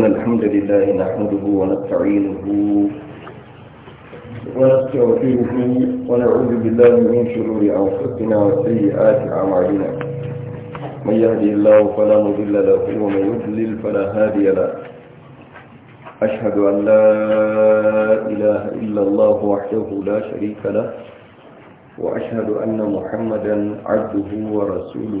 إن الحمد لله نحمده ونستعينه ونستغفره ونعوذ بالله من شرور أنفسنا وسيئات أعمالنا من يهدي الله فلا مضل له ومن يضلل فلا هادي له أشهد أن لا إله إلا الله وحده لا شريك له وأشهد أن محمدا عبده ورسوله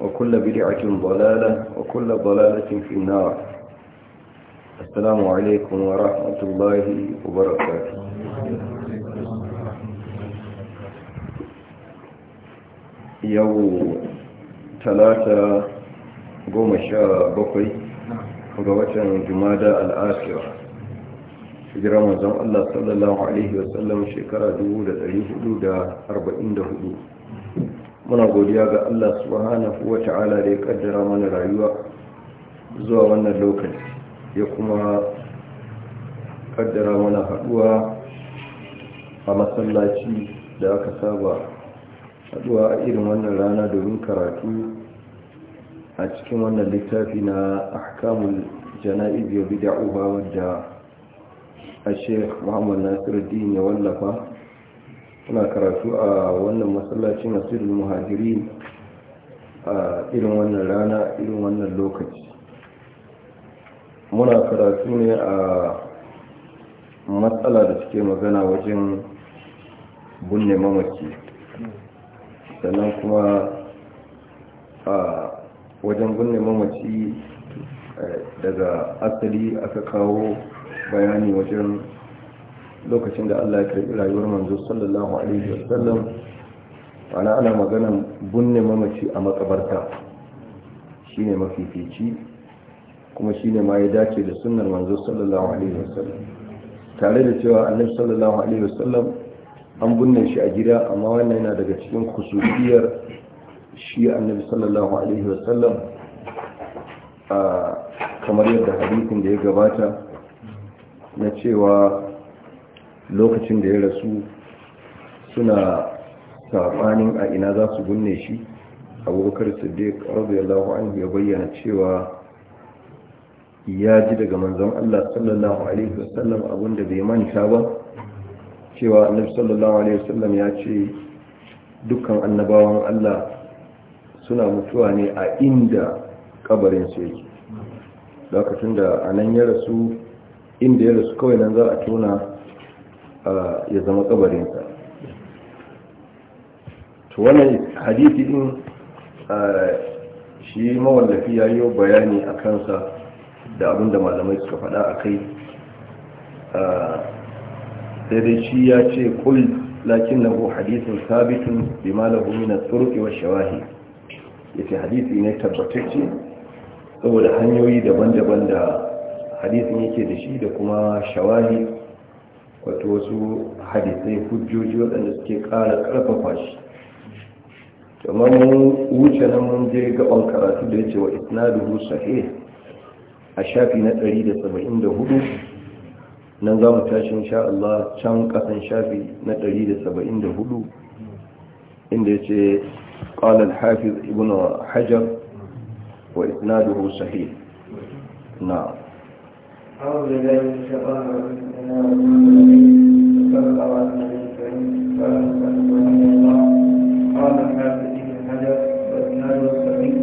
وكل بدعة ضلالة وكل ضلالة في النار السلام عليكم ورحمة الله وبركاته يوم ثلاثة قوم الشاء بقي وقوة جمادة الآخرة hijirar manzon Allah sallallahu Alaihi wasallam shekara 1444 muna godiya ga Allah subhanahu wa ta'ala da ya kaddara mana rayuwa zuwa wannan lokaci ya kuma kaddara mana haduwa a masallaci da aka saba haduwa a irin wannan rana domin karatu a cikin wannan littafi na ahkamul jana'iz ya bida'uha wadda a sheikh muhammad nasiruddin ya wallafa muna karatu a wannan masallaci masjidul muhajiri a irin wannan rana irin wannan lokaci muna karatu ne a matsala da suke magana wajen bunne mamaki sannan kuma a wajen bunne mamaki eh, daga asali aka kawo bayani wajen lokacin da Allah ya karbi rayuwar manzo sallallahu alaihi wasallam ana ana maganan bunne mamaci a makabarta shine mafifici kuma shine ma ya dace da sunnar manzo sallallahu alaihi wasallam tare da cewa annabi sallallahu alaihi wasallam an bunne shi a gida amma wannan yana daga cikin kusuriyar shi annabi sallallahu alaihi wasallam kamar yadda hadisin da ya gabata na cewa lokacin da ya rasu suna saɓanin a ina za su gunne shi abubakar siddiq radiyallahu anhu ya bayyana cewa ya ji daga manzon Allah sallallahu alaihi wasallam abinda bai manta ba cewa annabi sallallahu alaihi wasallam ya ce dukkan annabawan Allah suna mutuwa ne a inda kabarin su yake lokacin da anan ya rasu inda ya rasu kawai nan za a tona ya zama kabarinsa to wannan hadisi din shi mawallafi ya yi bayani a kansa da abinda malamai suka faɗa a kai sai dai shi ya ce kul lakin ku hadisin sabitin bi malahu min as wa shawahi yace hadisi ne tabbatacce saboda hanyoyi daban-daban da hadisin yake da shi da kuma shawahi wato wasu hadisai hujjoji waɗanda suke ƙara ƙarfafa shi kamar mun wuce nan mun je gaban karatu da ya ce wa isnadu sahih a shafi na 174 nan za mu tashi insha Allah can kasan shafi na 174 inda ya ce qala al-hafiz ibn hajar wa isnadu sahih na'am أعوذ بالله من الشيطان الرجيم إنا صلى الله على النبي الكريم صلى الله عليه وسلم قال الحافظ بن حجر والإسناد والسبيل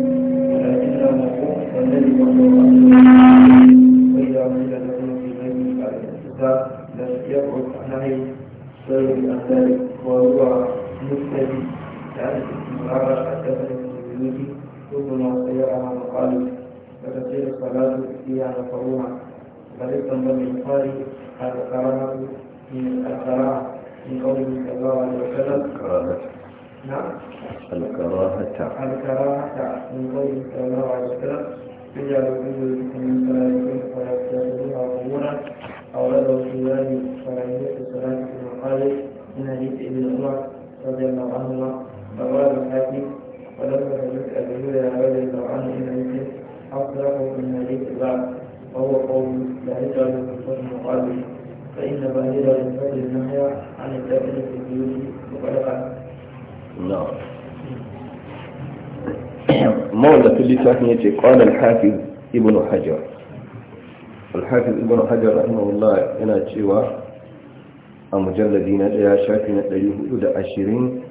ولكنه موقوف والذي وقوع وإذا قيل له في بيت الكتاب لم يقعد عليه سير عن ذلك وهو مبتدئ لأن الاستمرار حدثني في بيوتي ربما سيرها مقالب فتسير الصلاة فيها مكروها طريقا هذا الكرامة من الكرامة من قوله صلى الله عليه وسلم كرامة نعم الكراهة الكراهة من قوله صلى الله عليه وسلم يجعل كل من صلاتكم ويتخذوها قبورا أولاده في الله فلم صلاة المقالب من حديث ابن عمر رضي الله عنهما فقال الحاكم ولما سمعت أبي هريرة رضي الله عنه إن مسلم أصدقه من حديث بعد وهو قول لا يجعل الإنسان مقابل فإن بادر الإنسان النهي عن الداخل في البيوت مقلقا نعم مولى كل ثانية قال الحافظ ابن حجر الحافظ ابن حجر رحمه الله أنا تشوى المجلدين يا شافنا اليهود عشرين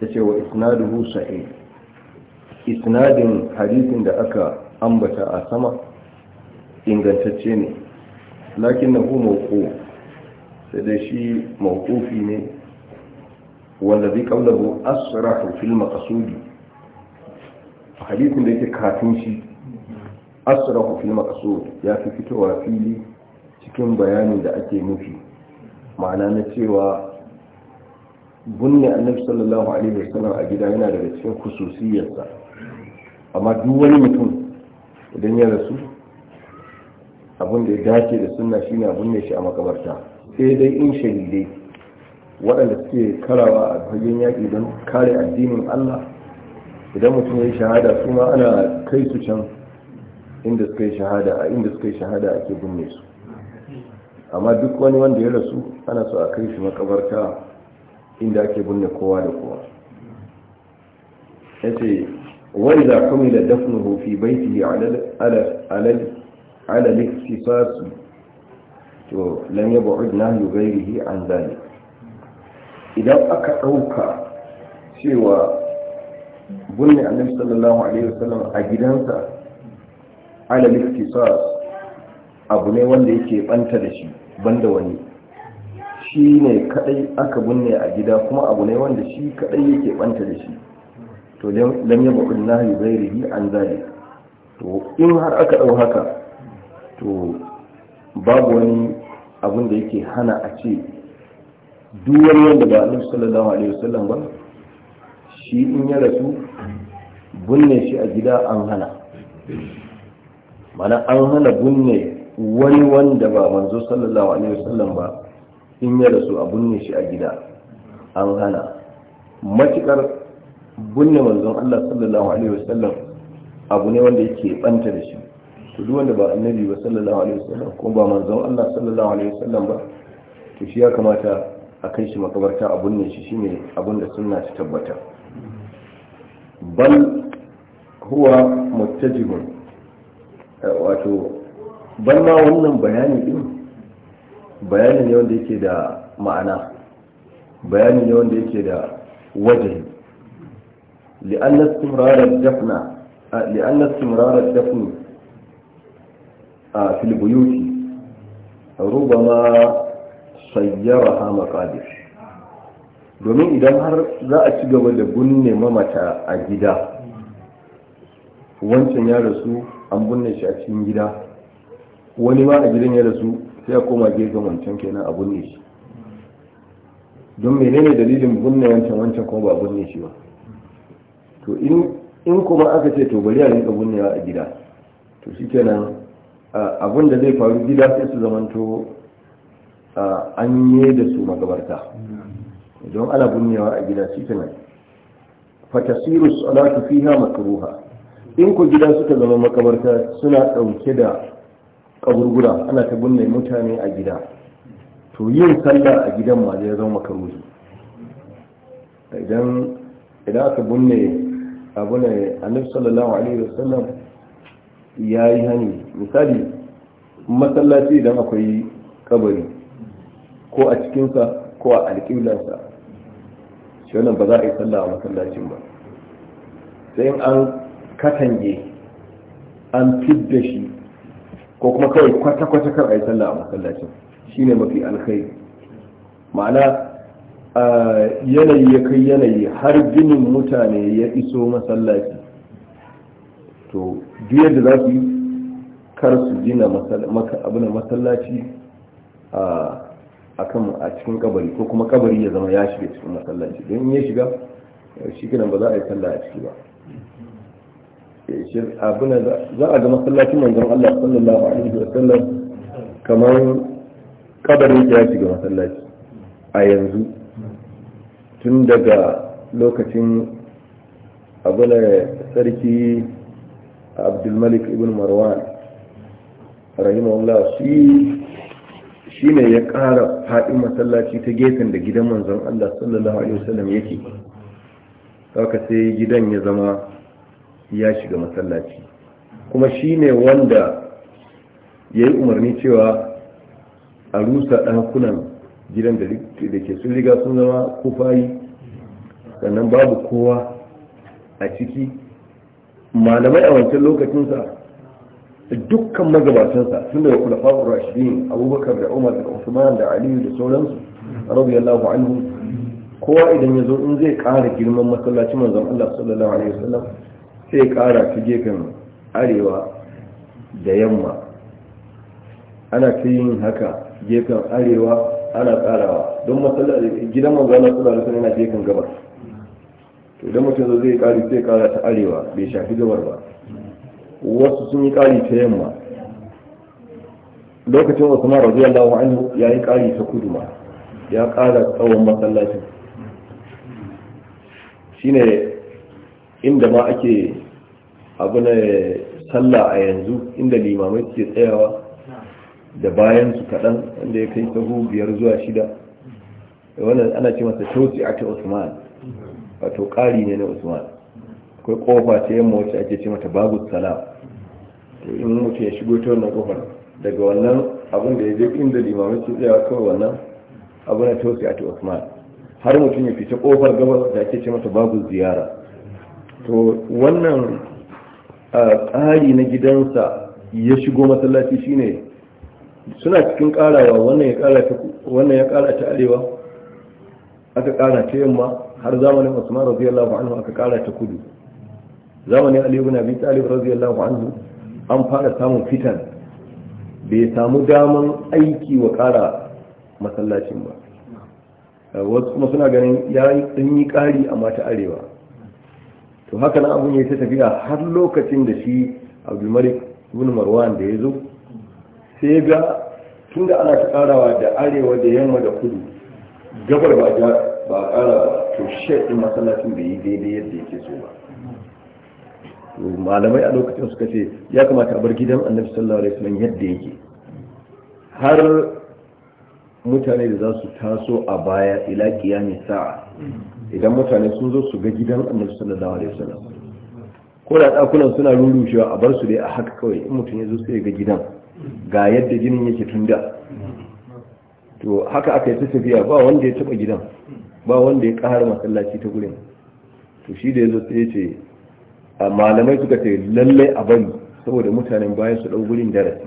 تشوى إسناده صحيح إسناد حديث da aka ambata a sama ingantacce ne lakin na hu ko sai da shi mawukufi ne wanda zai kaulahu asirahu fil makasudi a hadisin da yake kafin shi asirahu fil makasudi ya fi fitowa fili cikin bayanin da ake nufi ma'ana na cewa bunne annabi sallallahu alaihi wasallam a gida yana daga cikin khususiyarsa amma duk wani mutum idan ya rasu abin da ya dace da sunna shine abin da shi a makabarta sai dai in shahidai waɗanda suke karawa a fagen yaƙi don kare addinin Allah idan mutum ya yi shahada su ma ana kai su can inda suka yi shahada a inda suka yi shahada ake binne su amma duk wani wanda ya rasu ana so a kai shi makabarta inda ake binne kowa da kowa ya ce wani za da dafnuhu fi baiti ala على الاكتفاس to lam ya ba'ud nahyu ghairihi an zalik idan aka ɗauka cewa bunne annabi sallallahu alaihi wasallam a gidansa ala abu ne wanda yake banta da shi wani shi ne kadai aka bunne a gida kuma abu ne wanda shi kadai yake banta da shi to lam yabqa ghairihi an zalik to in har aka dau haka to babu wani abin da yake hana a ce duk wani ba a sallallahu alaihi wasallam ba shi in ya rasu bunne shi a gida an hana mana an hana bunne wani wanda ba manzo sallallahu alaihi wasallam ba in ya rasu a bunne shi a gida an hana matukar bunne manzon Allah sallallahu alaihi wasallam abu ne wanda yake banta da shi to duk wanda ba annabi ba sallallahu alaihi wasallam kuma ba manzon Allah sallallahu alaihi wasallam ba to shi ya kamata a kai shi makabarta abun ne shi shine abun da sunna ta tabbata bal huwa muttajihun eh, wato bal ma wannan bayani din bayani ne wanda yake da ma'ana bayani ne wanda yake da wajahi li'anna istimrar ad-dafna eh, li'anna istimrar ad في البيوت ربما sayyaraha maqadir domin idan har za a ci gaba da binne mamata a gida wancan ya rasu an binne shi a cikin gida wani ma a gidan ya rasu sai a koma gefen wancan kenan a bunne shi don menene dalilin bunne wancan wancan kuma ba bunne shi ba to in kuma aka ce to bari a rinka binnewa a gida to shi kenan. abin da zai faru gida sai su zamanto an yi da su magabarta don ana bunyewa a gida shi kenan fatasiru salatu fiha makruha in ku gida suka zama makabarta suna dauke da kaburbura ana ta bunne mutane a gida to yin sallah a gidan ma zai zama makruhi idan idan aka bunne abu ne annabi sallallahu alaihi wasallam ya yi hani misali masallaci idan akwai kabari ko a cikinsa ko a alƙiblansa shi wannan ba za a yi sallah a masallacin ba sai an katange an fidda shi ko kuma kawai kwata-kwata kar a yi sallah a masallacin shi ne mafi alkhairi ma'ana yanayi ya kai yanayi har ginin mutane ya iso masallaci to duk yadda za su yi kar su gina abin masallaci a kan a cikin kabari ko kuma kabari ya zama ya shiga cikin masallaci don in ya shiga shi kenan ba za a yi sallah a ciki ba eh, abin za a ga masallacin manzon Allah sallallahu alaihi wa sallam kamar kabarin ya shiga masallaci a yanzu tun daga lokacin abin sarki abdulmalik ibn marwan rahimahullah shi ne ya ƙara faɗi masallaci ta gefen da gidan manzon Allah sallallahu alaihi wasallam yake haka sai gidan ya zama ya shiga masallaci kuma shi ne wanda ya yi umarni cewa a rusa ɗakunan gidan da ke sun riga sun zama kufayi sannan babu kowa a ciki malamai a wancan lokacinsa dukkan magabatansa sun daga kulafa'ur rashidin abubakar da umar da usman da aliyu da sauransu radiyallahu anhu kowa idan ya zo in zai kara girman masallacin manzon Allah sallallahu alaihi wasallam sai ya kara ta gefen arewa da yamma ana ta yin haka gefen arewa ana karawa don gidan manzon Allah sallallahu alaihi wasallam yana gefen gabas to idan mutum zai yi kari sai kara ta arewa bai shafi gabar ba wasu sun yi kari ta yamma lokacin zuwa lawa anhu ya yi kari ta kudu ma ya kara tsawon masallacin shine inda ma ake abu na sallah a yanzu inda limamai suke tsayawa da bayan su kaɗan wanda ya kai sahu biyar zuwa shida wannan ana ce masa tosi a ta usman wato ƙari ne na usman akwai ƙofa ta yamma wacce ake ce mata babu salam in mutu ya shigo ta wannan ƙofar daga wannan abin da ya je inda limamai su tsaye kawai wannan abu na tausi a ta usman har mutum ya fita ƙofar gabas da ake ce mata babu ziyara to wannan tsari na gidansa ya shigo masallaci shine suna cikin karawa wannan ya kara ta arewa aka kara ta yamma har zamanin Usman radiyallahu anhu aka kara ta kudu zamanin Ali ibn Abi Talib radiyallahu anhu an fara samun fitan bai samu daman aiki wa kara masallacin ba eh, wasu kuma suna ganin ya yi kari amma ta arewa to haka nan abun ya ta tafiya har lokacin da shi abdulmalik ibn marwan da ya zo sai ga tunda ana ta karawa da arewa da yamma da kudu gabar ba ba ƙara ba to shaɗin masallacin ya yi daidai yadda yake so ba malamai a lokacin suka ce ya kamata a bar gidan annabi sallallahu alaihi wasallam yadda yake har mutane da za su taso a baya ila kiyami sa'a idan mutane sun zo su ga gidan annabi sallallahu alaihi wasallam ko da dakunan suna rurushewa a bar su dai a haka kawai in mutum ya zo sai ga gidan ga yadda ginin yake tunda to haka aka yi tafiya ba wanda ya taba gidan ba wanda ya ƙara masallaci ta gurin to shi da ya zo sai ce malamai suka ce lallai a bari saboda mutanen bayan su ɗau gurin darasi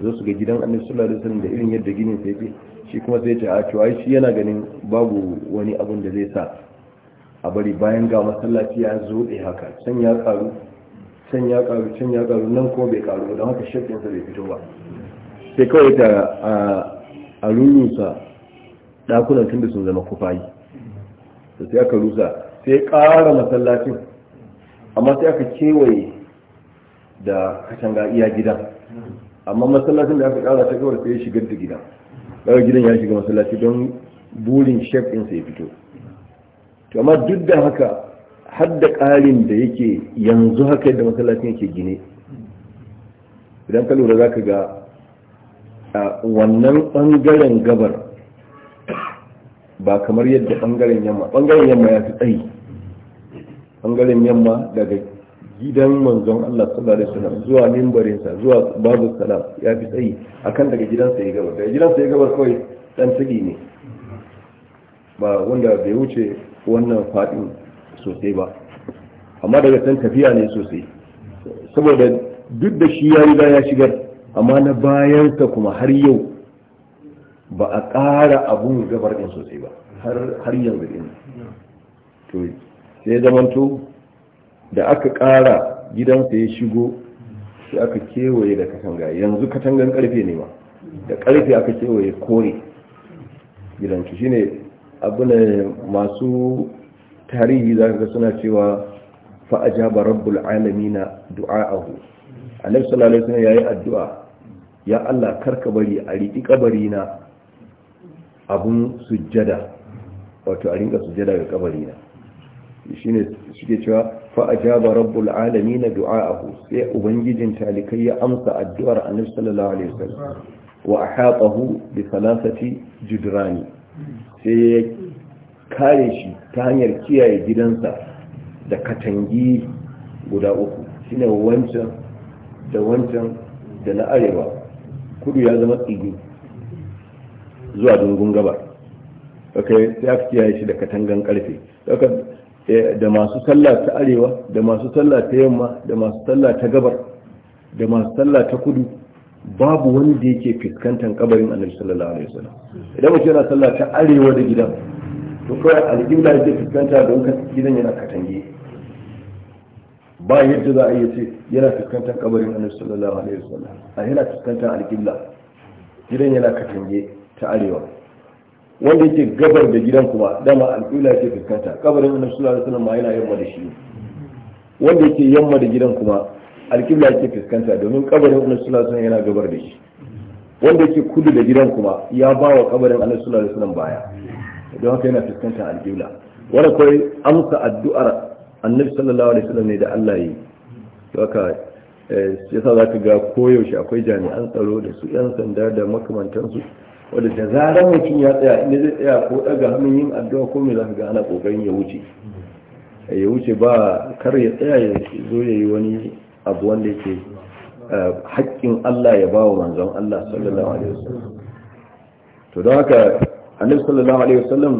zo su ga gidan annabi sallallahu alaihi wasallam da irin yadda ginin sai yake shi kuma sai ce a cewa shi yana ganin babu wani abun da zai sa a bari bayan ga masallaci ya zo da haka can ya karu can ya karu can ya karu nan ko bai karu don haka shakkin sa bai fito ba sai kawai ta a a rurrusa dakunan da sun zama kufayi to sai aka rusa sai ƙara masallacin amma sai aka kewaye da katanga iya gidan amma masallacin da aka ƙara ta kawar sai ya shigar da gidan daga gidan ya shiga masallaci don burin shef ɗin sai fito to amma duk da haka har da ƙarin da yake yanzu haka yadda masallacin yake gine idan ka lura za ka ga wannan ɓangaren gabar ba kamar yadda bangaren yamma bangaren yamma ya fi tsayi bangaren yamma daga gidan manzon Allah sallallahu alaihi wasallam zuwa mimbarinsa zuwa babu salam ya fi tsayi akan daga gidansa ya gabar daga gidansa ya gabar kawai dan tsigi ne ba wanda bai wuce wannan fadin sosai ba amma daga can tafiya ne sosai saboda duk da shi ya riga ya shigar amma na bayansa kuma har yau ba a ƙara abun gabar ɗin sosai ba har yanzu ɗin to sai zamanto da aka ƙara gidansa ya shigo sai aka kewaye da katanga yanzu katangan ƙarfe ne ma da ƙarfe aka kewaye kore gidansu shine abu ne masu tarihi za ka suna cewa fa'ajaba rabbul du'a du'a'ahu annabi sallallahu alaihi wasallam yayi addu'a ya Allah karka bari a riƙi kabari na abun sujjada wato a rinka sujjada ga kabari na shine suke cewa fa ajaba rabbul a ku? sai ubangijin talikai ya amsa addu'ar annabi sallallahu alaihi wasallam wa ahatahu bi salasati judrani sai ya kare shi ta hanyar kiyaye gidansa da katangi guda uku shine wancan da wancan da na arewa kudu ya zama tsibiri zuwa dungun gabar okay sai aka kiyaye shi da katangan karfe eh, da masu sallah ta arewa da masu sallah ta yamma da masu sallah ta gabar da masu sallah ta kudu babu wanda yake fuskantar kabarin annabi sallallahu alaihi wasallam idan mutum yana sallah ta arewa da gidan to kawai alƙibla yake fiskanta don gidan yana katange ba yadda za a iya ce yana fuskantar kabarin annabi sallallahu alaihi wasallam a yana fuskantar alƙibla gidan yana katange ta arewa wanda yake gabar da gidan kuma dama al'ula ce fuskanta kabarin annabi sallallahu alaihi wasallam yana yamma da shi wanda yake yamma da gidan kuma al'ula ke fuskanta domin kabarin annabi sallallahu alaihi wasallam yana gabar da shi wanda yake kudu da gidan kuma ya ba wa kabarin annabi sallallahu alaihi wasallam baya don haka yana fuskanta al'ula wanda kai amsa addu'ar annabi sallallahu alaihi wasallam ne da Allah yi haka eh, yasa za ka ga koyaushe akwai jami'an tsaro da su 'yan sanda da makamantansu wadda da zarar mutum ya tsaya inda zai tsaya ko daga hannun yin addu'a ko mai za ga ana kokarin ya wuce eh, ya wuce ba kar ya tsaya ya zo ya yi wani abu wanda yake eh, haƙƙin Allah ya bawa manzon Allah sallallahu alaihi wasallam to don haka annabi sallallahu alaihi wasallam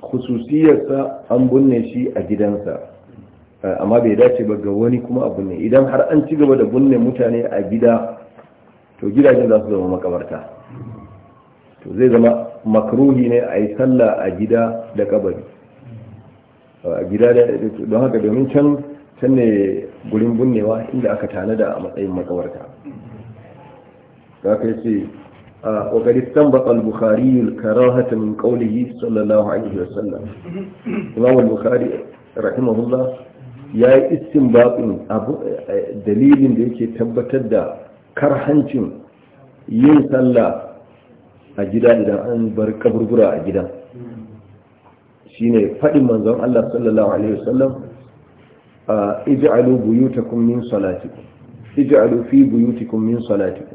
khususiyarsa an bunne shi a gidansa eh, amma bai dace ba ga wani kuma a bunne idan har an ci gaba da bunne mutane a gida to gidajen za su zama makabarta to zai zama makruhi ne a yi sallah a gida da kabari a gida da don haka domin can can ne gurin bunnewa inda aka tanada a matsayin makawarta haka yace وقد استنبط البخاري الكراهة min ƙaunihi, sallallahu alaihi wa sallam. imam al-bukhari rahimahullah ya yi baƙin, eh, dalilin da yake tabbatar da karhancin yin sallah a gida idan an bar kaburbura a gida ne faɗin manzon Allah sallallahu alaihi wasallam ij'alu buyutakum min salatikum ij'alu fi min salatiku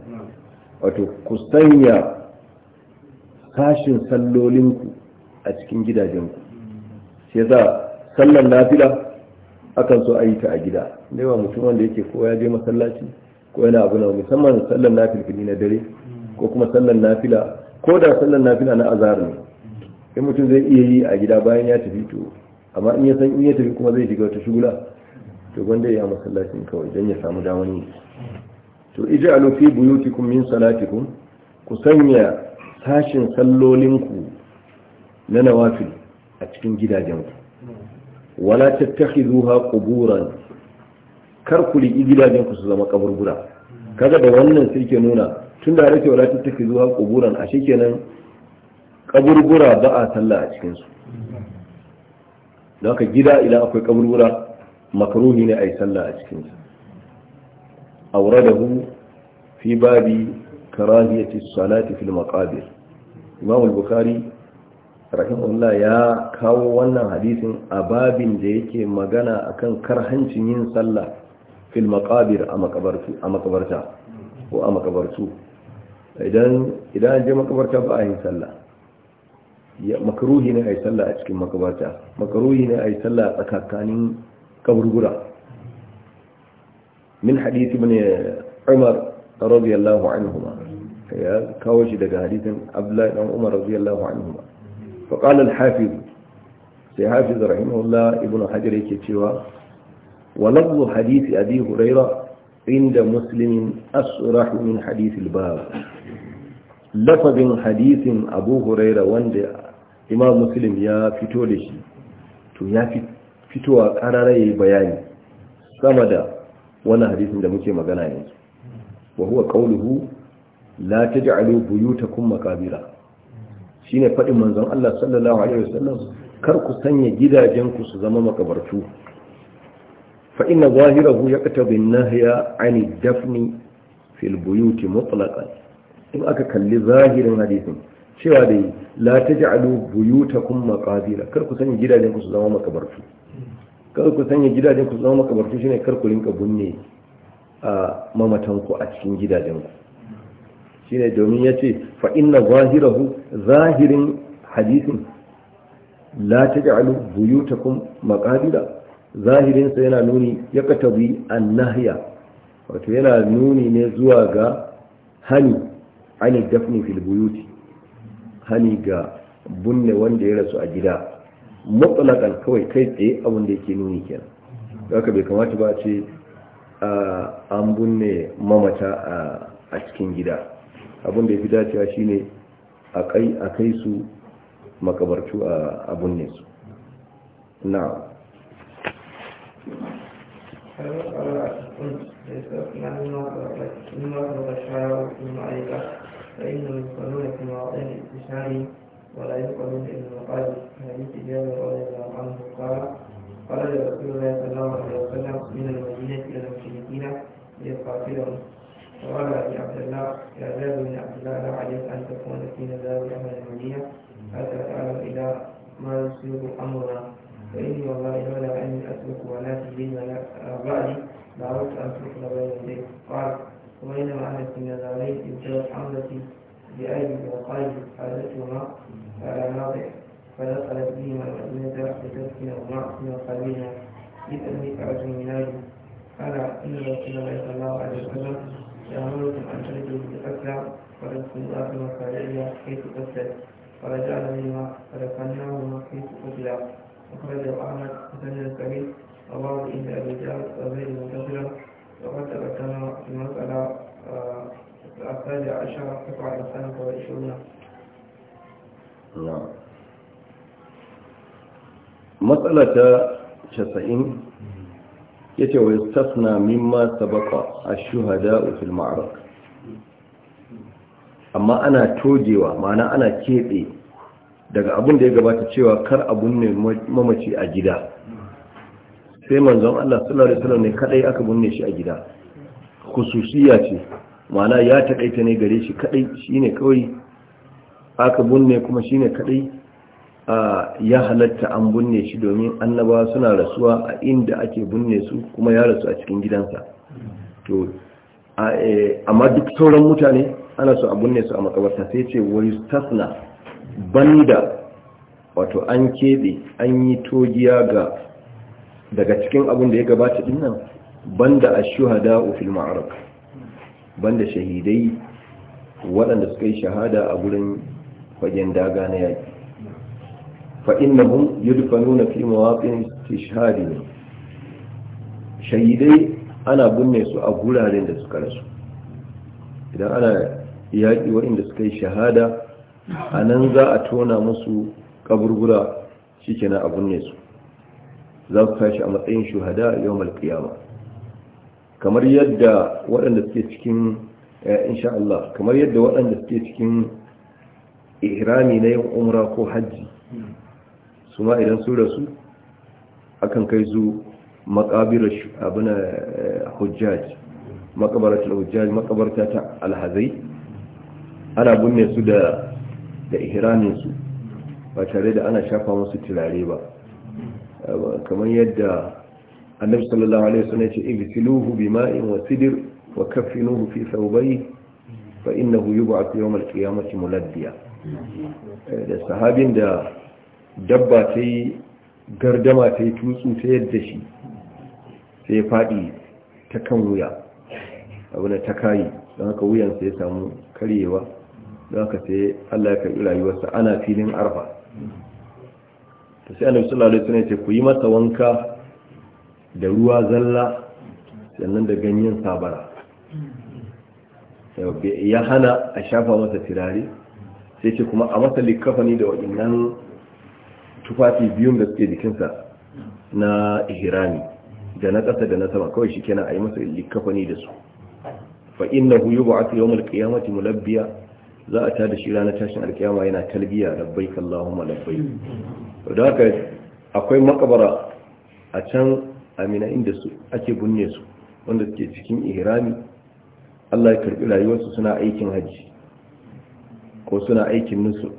wato ku sanya sashin sallolinku a cikin gidajenku sai za sallan nafila akan so a yi ta a gida da yawa mutum wanda yake ko ya je masallaci ko yana abu na musamman sallan nafilfili na dare ko kuma sallan nafila ko da sallar nafila na azhar ne sai mutum zai iya yi a gida bayan ya tafi to amma in ya san in ya tafi kuma zai shiga wata shugula to gwanda ya masallacin kawai don ya samu damar yi to ij'alu alofi buyutikum min salatikun ku sanya sashin sallolinku na nawafil a cikin gidajenku wala tattakhiduha quburan kar ku gidajen gidajenku su zama kaburbura kaga da wannan sai ke nuna tun da rake wala tattaki zuwa kuburan a shikenan kaburbura ba a sallah a cikin su don gida idan akwai kaburbura makaruhi ne a yi sallah a cikin su auradahu fi babi karahiyati salati fil maqabir imam al-bukhari rahimahullah ya kawo wannan hadisin a babin da yake magana akan karhancin yin sallah fil maqabir a makabarta ko a makabartu idan an je makabarta ba a yin sallah makaruhi ne a yi sallah a cikin makabarta makaruhi ne a yi sallah a tsakakanin kaburbura min hadisi bane umar radiyallahu anhuma ya kawo shi daga hadisin abdullahi dan umar radiyallahu anhuma fa qala al-hafiz sai hafiz rahimahullah ibnu hajar yake cewa wa lafzu hadisi abi hurairah inda muslimin asrah min hadisi al-bab lafazin hadisin abu huraira wanda imam muslim ya fito da shi to ya fitowa kararai bayani sama da wani hadisin da muke magana yanzu wa huwa kauluhu la taj'alu buyutakum makabira shine fadin manzon Allah sallallahu alaihi wasallam kar ku sanya gidajen ku su zama makabartu fa inna zahirahu yaqtabi an-nahya 'ani dafni fil buyuti mutlaqan in aka kalli zahirin hadisin cewa da la buyu ta maqabira kar ku sanya gidajen ku su zama makabartu kar ku sanya gidajen ku su zama makabartu shine kar ku rinka bunne a mamatan ku a cikin gidajen ku shine domin ya ce fa inna zahirahu zahirin hadisin la taj'alu buyutakum maqabira zahirin sa yana nuni ya katabi nahiya wato yana nuni ne zuwa ga hani ani dafni fil buyuti hani ga bunne wanda ya rasu a gida mutlaqan kawai kai tsaye abin da yake nuni kenan haka bai kamata ba ce an bunne mamata a cikin gida abin da ya fi dacewa shine a kai su makabartu a bunne su na مما أخبر الشعر مما أيضا فإنهم يقبلون في مواضع الاستشهاد ولا يقبلون إلى المقال حديث جابر رضي الله عنه قال قال رسول الله صلى الله عليه وسلم من المدينة إلى المشركين ليقاتلهم وقال أبي عبد الله يا زاد عبد الله لا عليك أن تكون في زاوية أهل المدينة حتى تعلم إلى ما يصيب أمرنا فإني والله لولا أني أترك ولاتي لي ولا بعدي دعوت أن تقل بين يديك قال وبينما أنا في نزالين ابتدت حملتي بأيدي وقلبي حالتهما على ناطح فدخلت بهما المدينة لتسكنهما من قلبها إذ أني خرجت من نادي إن رسول الله صلى الله عليه وسلم يأمركم أن تردوا بالأكل وتدخلوا آخر مصالحها حيث قتلت فرجعنا منها فدفناهما حيث قتلا أخرجه أحمد وسند الكريم رواه إن أبي جعفر وغير وقد تبتنا في المسألة الثانية عشر قطعة الخامسة والعشرون نعم مسألة شسعين yace wa مما سبق الشهداء في المعركة amma ana tojewa ma'ana ana keɓe daga abin da ya gabata cewa kar abun ne mamaci a gida sai manzon Allah sallallahu alaihi wasallam ne kadai aka bunne shi a gida Kususiya ce ma'ana ya takaita ne gare shi kadai shine kawai aka binne kuma shine kadai ya halatta an bunne shi domin annabawa suna rasuwa a inda ake bunne su kuma ya rasu a cikin gidansa to e, amma duk sauran mutane ana so a bunne su a makabarta sai ce wai tasna banda wato an kebe an yi togiya ga daga cikin abin da ya gabata din nan banda ash-shuhada fil ma'araka banda shahidai waɗanda suka yi shahada a gurin fagen daga na yaki fa innahum yudfanuna fi mawaqin istishhadi shahidai ana binne su a guraren da suka rasu idan ana yaƙi waɗanda suka yi shahada anan za a tona musu kaburbura shi a binne su za su tashi a matsayin shuhada a yawon kamar yadda waɗanda suke cikin eh, insha Allah kamar yadda waɗanda suke cikin ihrami na yin umra ko hajji su ma idan su rasu akan kai su makabirar eh, hujjaj hujjaj makabarta ta alhazai ana binne su da ihraminsu ba tare da ana shafa musu turare ba kamar yadda annabi sallallahu alaihi wasallam ya ce ibtiluhu bima'in wa sidir wa kaffinuhu fi thawbayhi fa innahu yub'ath yawm al-qiyamati muladdiya eh, da sahabin da dabba ta yi gardama ta yi tutsu ta yadda shi sai ya faɗi ta kan wuya abin ta kayi don haka wuyansa ya samu karyewa don haka sai allah ya karɓi rayuwarsa ana filin arfa ta sai annabi sallallahu alaihi wasallam ya ce ku yi masa wanka da ruwa zalla sannan da ganyen sabara ya hana a shafa masa tirare sai ce kuma a masa likafani da waɗannan tufafi biyun da suke jikinsa na ihrami da na ƙasa da na sama kawai shi kenan a yi masa likafani da su fa innahu yub'athu yawm al-qiyamati mulabbiya za a tada shi ranar tashin alkiyama yana talbiya labbaik kallahu labbaik da haka akwai makabara a can amina inda su ake bunne su wanda suke cikin ihrami Allah ya karbi rayuwarsu suna aikin haji ko suna aikin nusuk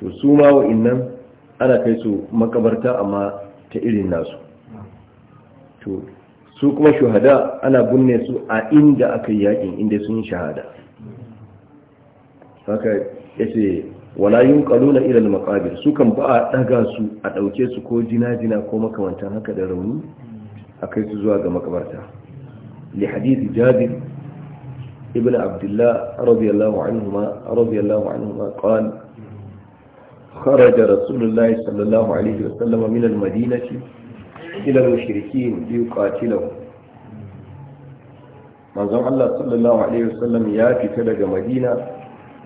to su ma wa'annan ana kai su makabarta amma ta irin nasu to su kuma shuhada ana bunne su a inda aka yi yakin inda sun yi shahada haka ya yace wala yunqaluna ila al-maqabir su kan ba a daga su a dauke su ko jina-jina ko makamantan haka da rauni akai su zuwa ga makabarta li hadisi jabir ibn abdullah radiyallahu anhuma radiyallahu anhuma qala خرج رسول الله صلى الله عليه وسلم من المدينة إلى المشركين ليقاتلهم manzon Allah sallallahu Alaihi wasallam ya fita daga madina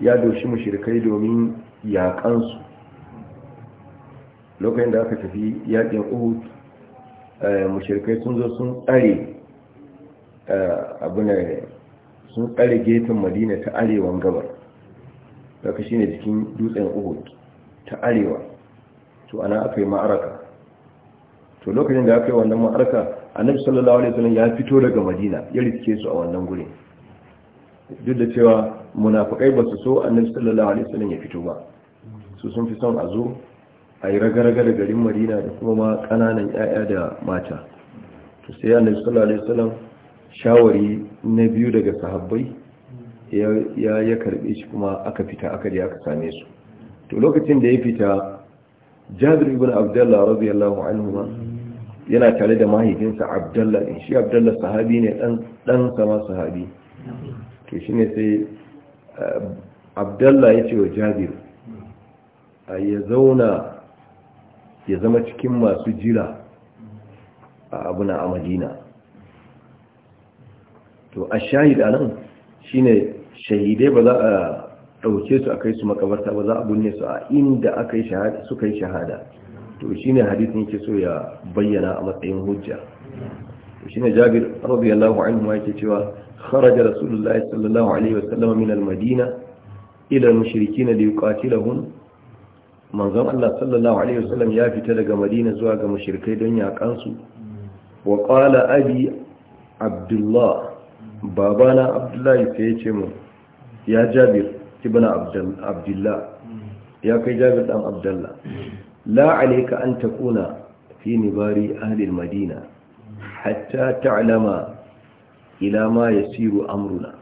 ya doshi mushrikai domin yaƙansu lokacin da aka tafi yaƙin uhud eh, mushrikai sun zo sun tsare eh, abin sun tsare getin madina ta arewan gabar daga shine jikin dutsen uhud ta arewa to ana aka yi ma'araka to lokacin da aka yi wannan ma'araka annabi sallallahu alaihi wasallam ya fito daga madina ya rike su a wannan gurin duk da cewa munafukai ba su so annabi sallallahu alaihi wasallam ya fito ba su sun fi son a zo a yi ragaraga da garin madina da kuma ma kananan yaya da mata to sai annabi sallallahu alaihi wasallam shawari na biyu daga sahabbai ya ya karbe shi kuma aka fita aka je aka same su to lokacin da ya fita Jabir ibn Abdullah radiyallahu anhu yana tare da mahaifinsa Abdullah shi Abdullah sahabi ne dan dan sama sahabi to shi ne sai eh, abdallah ya ce wa jabir ya zauna ya zama cikin masu jira a abuna a madina to a nan, anan ne shahidai ba za a ɗauke su a kai su makabarta ba za a bunne su a inda aka yi shahada suka yi shahada to shine hadisin yake so ya bayyana a matsayin hujja shine Jabir radiyallahu anhu ce cewa kharaja Rasulullahi sallallahu alaihi wasallam min al-Madina ila al-mushrikeena liyuqatilahum manzon Allah sallallahu alaihi wasallam ya fita daga Madina zuwa ga mushrikai don yakan su wa qala abi Abdullah babana Abdullahi sai ya ce mu ya Jabir ibn Abdullah ya kai Jabir dan Abdullah la alayka an takuna fi nibari ahli al hatta ta'lama ila ma yasiru amruna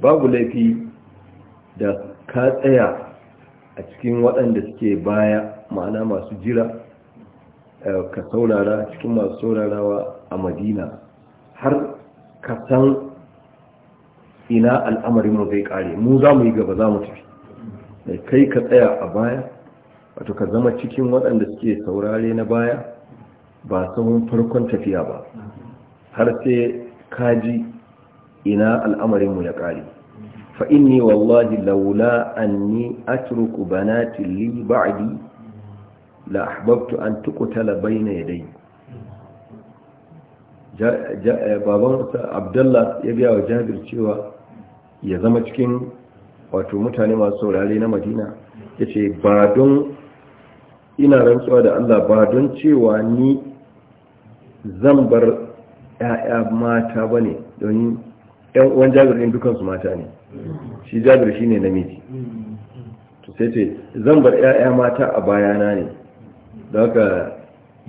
babu laifi da ka tsaya a cikin waɗanda suke baya ma'ana masu jira ka saurara cikin masu saurarawa a madina har ka san ina al'amarin mu zai kare mu za mu yi gaba za mu tafi kai ka tsaya a baya wato ka zama cikin waɗanda suke saurare na baya ba sun farkon tafiya ba har sai kaji ina al'amarinmu ya ƙari fa'inni wallahi laula anni atruku banati li ba'di la ahbabtu an tukutala bayna dai. Eh, baban abdullah ya biya wa jabir cewa ya zama cikin wato mutane masu saurare na madina ya ce ba don ina rantsuwa da allah ba don cewa ni zan bar ‘ya'ya mata ba ne don ‘yan uwan jagirin dukansu mata ne shi jagir shi ne namiji to sai ce zan bar ‘ya'ya mata a bayana ne da haka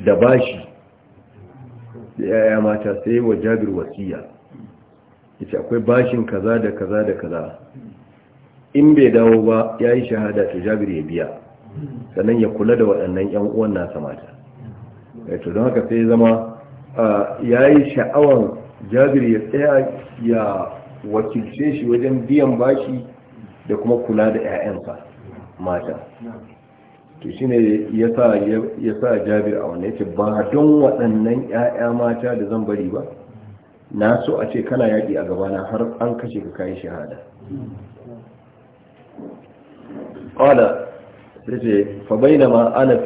da bashi da ‘ya'ya mata sai wa jagir wasiya Ita akwai bashin kaza da kaza da kaza in bai dawo ba ya yi shahada to jagir ya biya sannan ya kula da waɗannan ‘yan uwan nasa mata eh, to don haka sai zama ya yi sha'awar jabir ya tsaya ya wakilce shi wajen biyan bashi da kuma kula da 'ya'yansa mata to shi ne ya sa jabir a wani yake ba don waɗannan 'ya'ya mata da zan bari ba na so a ce kana yaƙi a gabana har an kashe ka kayi shahada ƙwada da ce fa bai da ma'ana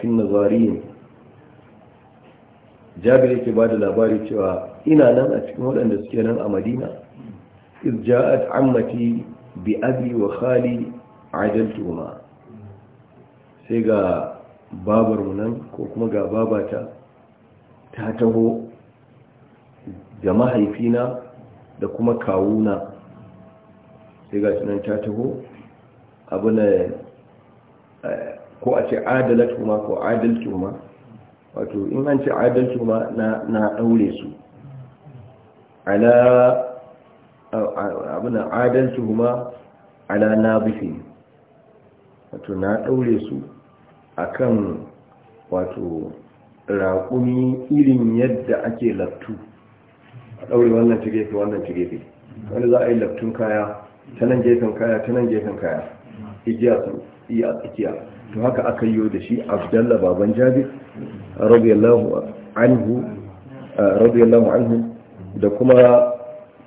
fi nazarin jabir yake ba da labari cewa ina nan a cikin waɗanda suke nan a madina iz ja'at ammati bi abi wa khali adaltuhuma sai ga babarmu nan ko kuma ga babata ta taho da mahaifina da kuma kawuna sai ga nan ta taho abu ne eh, ko a ce adalatuhuma ko adaltuhuma wato in an ce adalci ma na daure su ala abinan adalci ma ala na bifi wato na daure su akan wato raƙumi irin yadda ake laftu a ɗaure wannan ci wannan ci wani za a yi laftun kaya ta nan gefen kaya ta nan gefen kaya igiya su iya tsakiya to haka aka yi da shi abdalla baban jabi. radiyallahu anhu anhu da kuma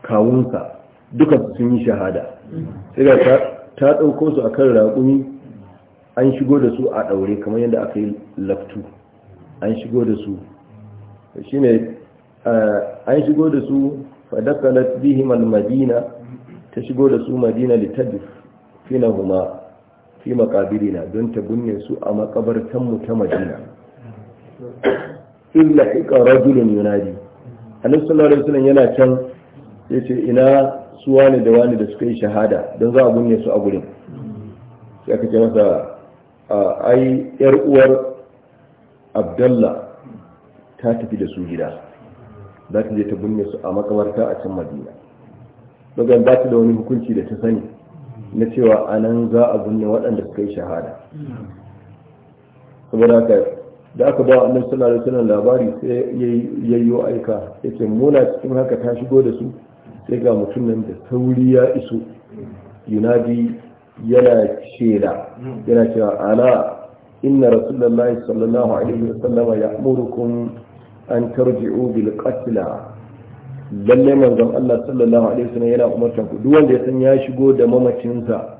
kawunka duka sun yi shahada sai ga ta ɗauko su akan raƙumi an shigo da su a ɗaure kamar yadda aka yi laftu an shigo da su shine an shigo da su bihim madina ta shigo da su madina litadif huma fi makabirina don ta bunne su a makabartan mu ta madina illa hika rajulun yunadi annabi sallallahu alaihi wasallam yana can yace ina su wani da wani da suka yi shahada don za a bunye su a gurin sai aka ce masa ai yar uwar abdallah ta tafi da su gida za ta je ta bunne su a makabarta a can madina dogon ba ta da wani hukunci da ta sani na cewa a nan za a bunne waɗanda suka yi shahada saboda haka da aka ba annabi suna da wasallam labari sai ya yi aika yace muna cikin haka ta shigo da su sai ga mutum nan da sauri ya iso yunadi yana shela yana cewa ala inna rasulullahi sallallahu alaihi wasallam kun an tarji'u bil qatla lalle manzon Allah sallallahu alaihi sallam yana umartan ku duk wanda ya san ya shigo da mamacinsa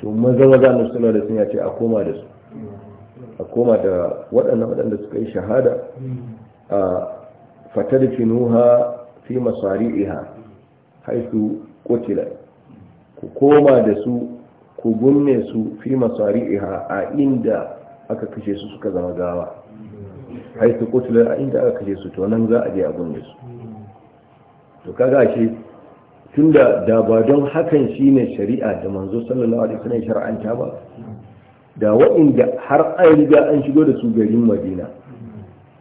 to maza maza annabi sallallahu alaihi wasallam ya ce a koma da su a koma da waɗannan waɗanda suka yi shahada a fatarfinuha fi iha, haisu kotila ku koma da su ku gunne su fi iha a inda aka kashe su suka zama gawa haisu kotila a inda aka kashe su to nan za a je a gunne su to kaga shi tunda da ba don hakan shine shari'a da manzo sallallahu alaihi wasallam shar'anta ba da waɗanda har an riga an shigo da su garin madina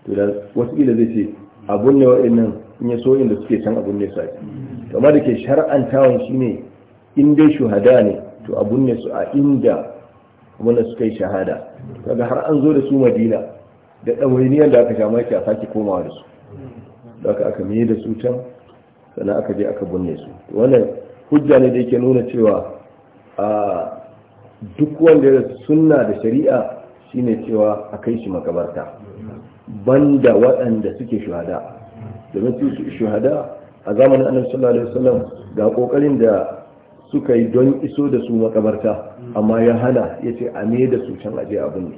to da wasu ila zai ce abun ne waɗannan in ya so inda suke can abun ne sa kama da ke shar'antawan shi ne in dai shuhada ne to abun ne su a inda wanda suka yi shahada kaga har an zo da su madina da ɗawainiyar da aka sha maki a sake komawa da su da aka aka mai da su can sannan aka je aka binne su wannan hujja ne da yake nuna cewa a duk wanda ya sunna da shari'a shine cewa a kai shi makabarta banda waɗanda suke shuhada domin su shuhada a zamanin annabi sallallahu alaihi wasallam ga kokarin da suka yi don iso da su makabarta amma ya hana ya ce a da su can aje abin ne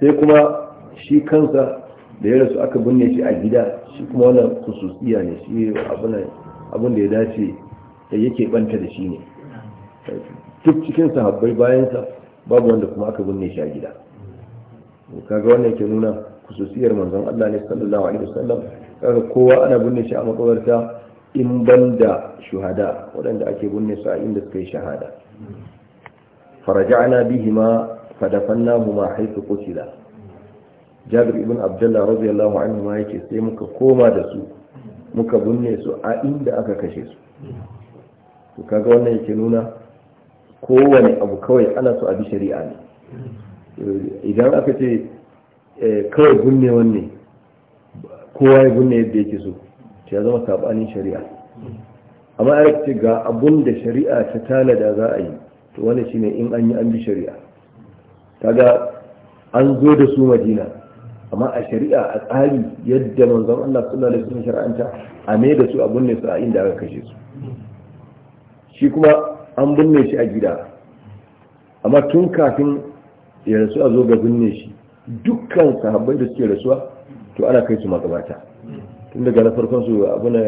sai kuma shi kansa da ya rasu aka binne shi a gida shi kuma wannan kususiya ne shi abin da ya dace da yake banta da shi ne duk cikin sahabbai bayansa babu wanda kuma aka binne shi a gida kaga wannan ke nuna kususiyar manzon Allah ne sallallahu alaihi wasallam kaga kowa ana binne shi a makabarta in banda shuhada waɗanda ake binne su a inda suka yi shahada faraja'na bihima fadafannahuma haythu qutila Jabir ibn Abdullah radiyallahu anhu ma yake sai muka koma da su muka binne su a inda aka kashe su to kaga wannan yake nuna kowane abu kawai ana so a bi shari'a ne idan aka ce eh, kawai gunne wanne kowa ya gunne yadda yake so ta ya zama sabanin shari'a amma a ce ga abun da shari'a ta tanada za a yi to wani ne in an yi an bi shari'a kaga an zo da su madina amma a shari'a a tsari yadda manzon Allah sallallahu da wasallam shari'anta a ne da su abun ne su a inda aka kashe su shi kuma an binne shi a gida amma tun kafin ya rasu a zo ga binne shi dukkan sahabbai da suke rasuwa to ana kai su magabata tun daga na farkon su abuna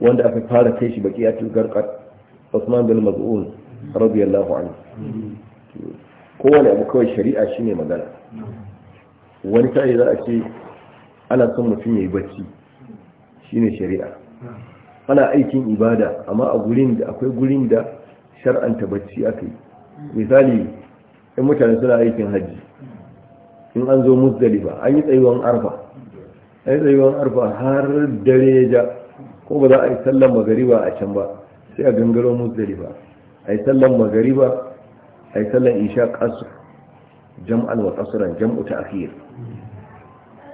wanda aka fara kai shi baki ya garkar osman bin Maz'un radiyallahu anhu kowane abu kawai shari'a shine magana wani tare za a ce ana son mutum ya yi bacci shine shari'a ana aikin ibada amma a gurin da akwai gurin da shar'anta bacci aka yi misali in mutane suna aikin hajji in an zo muzdalifa an yi tsayuwan arfa an yi tsayuwan arfa har dare ya ja ko ba za a yi sallan magariba a can ba sai a gangaro muzdalifa a yi sallan magariba a yi sallan isha kasu jam'an wa kasuran jam'u ta akhir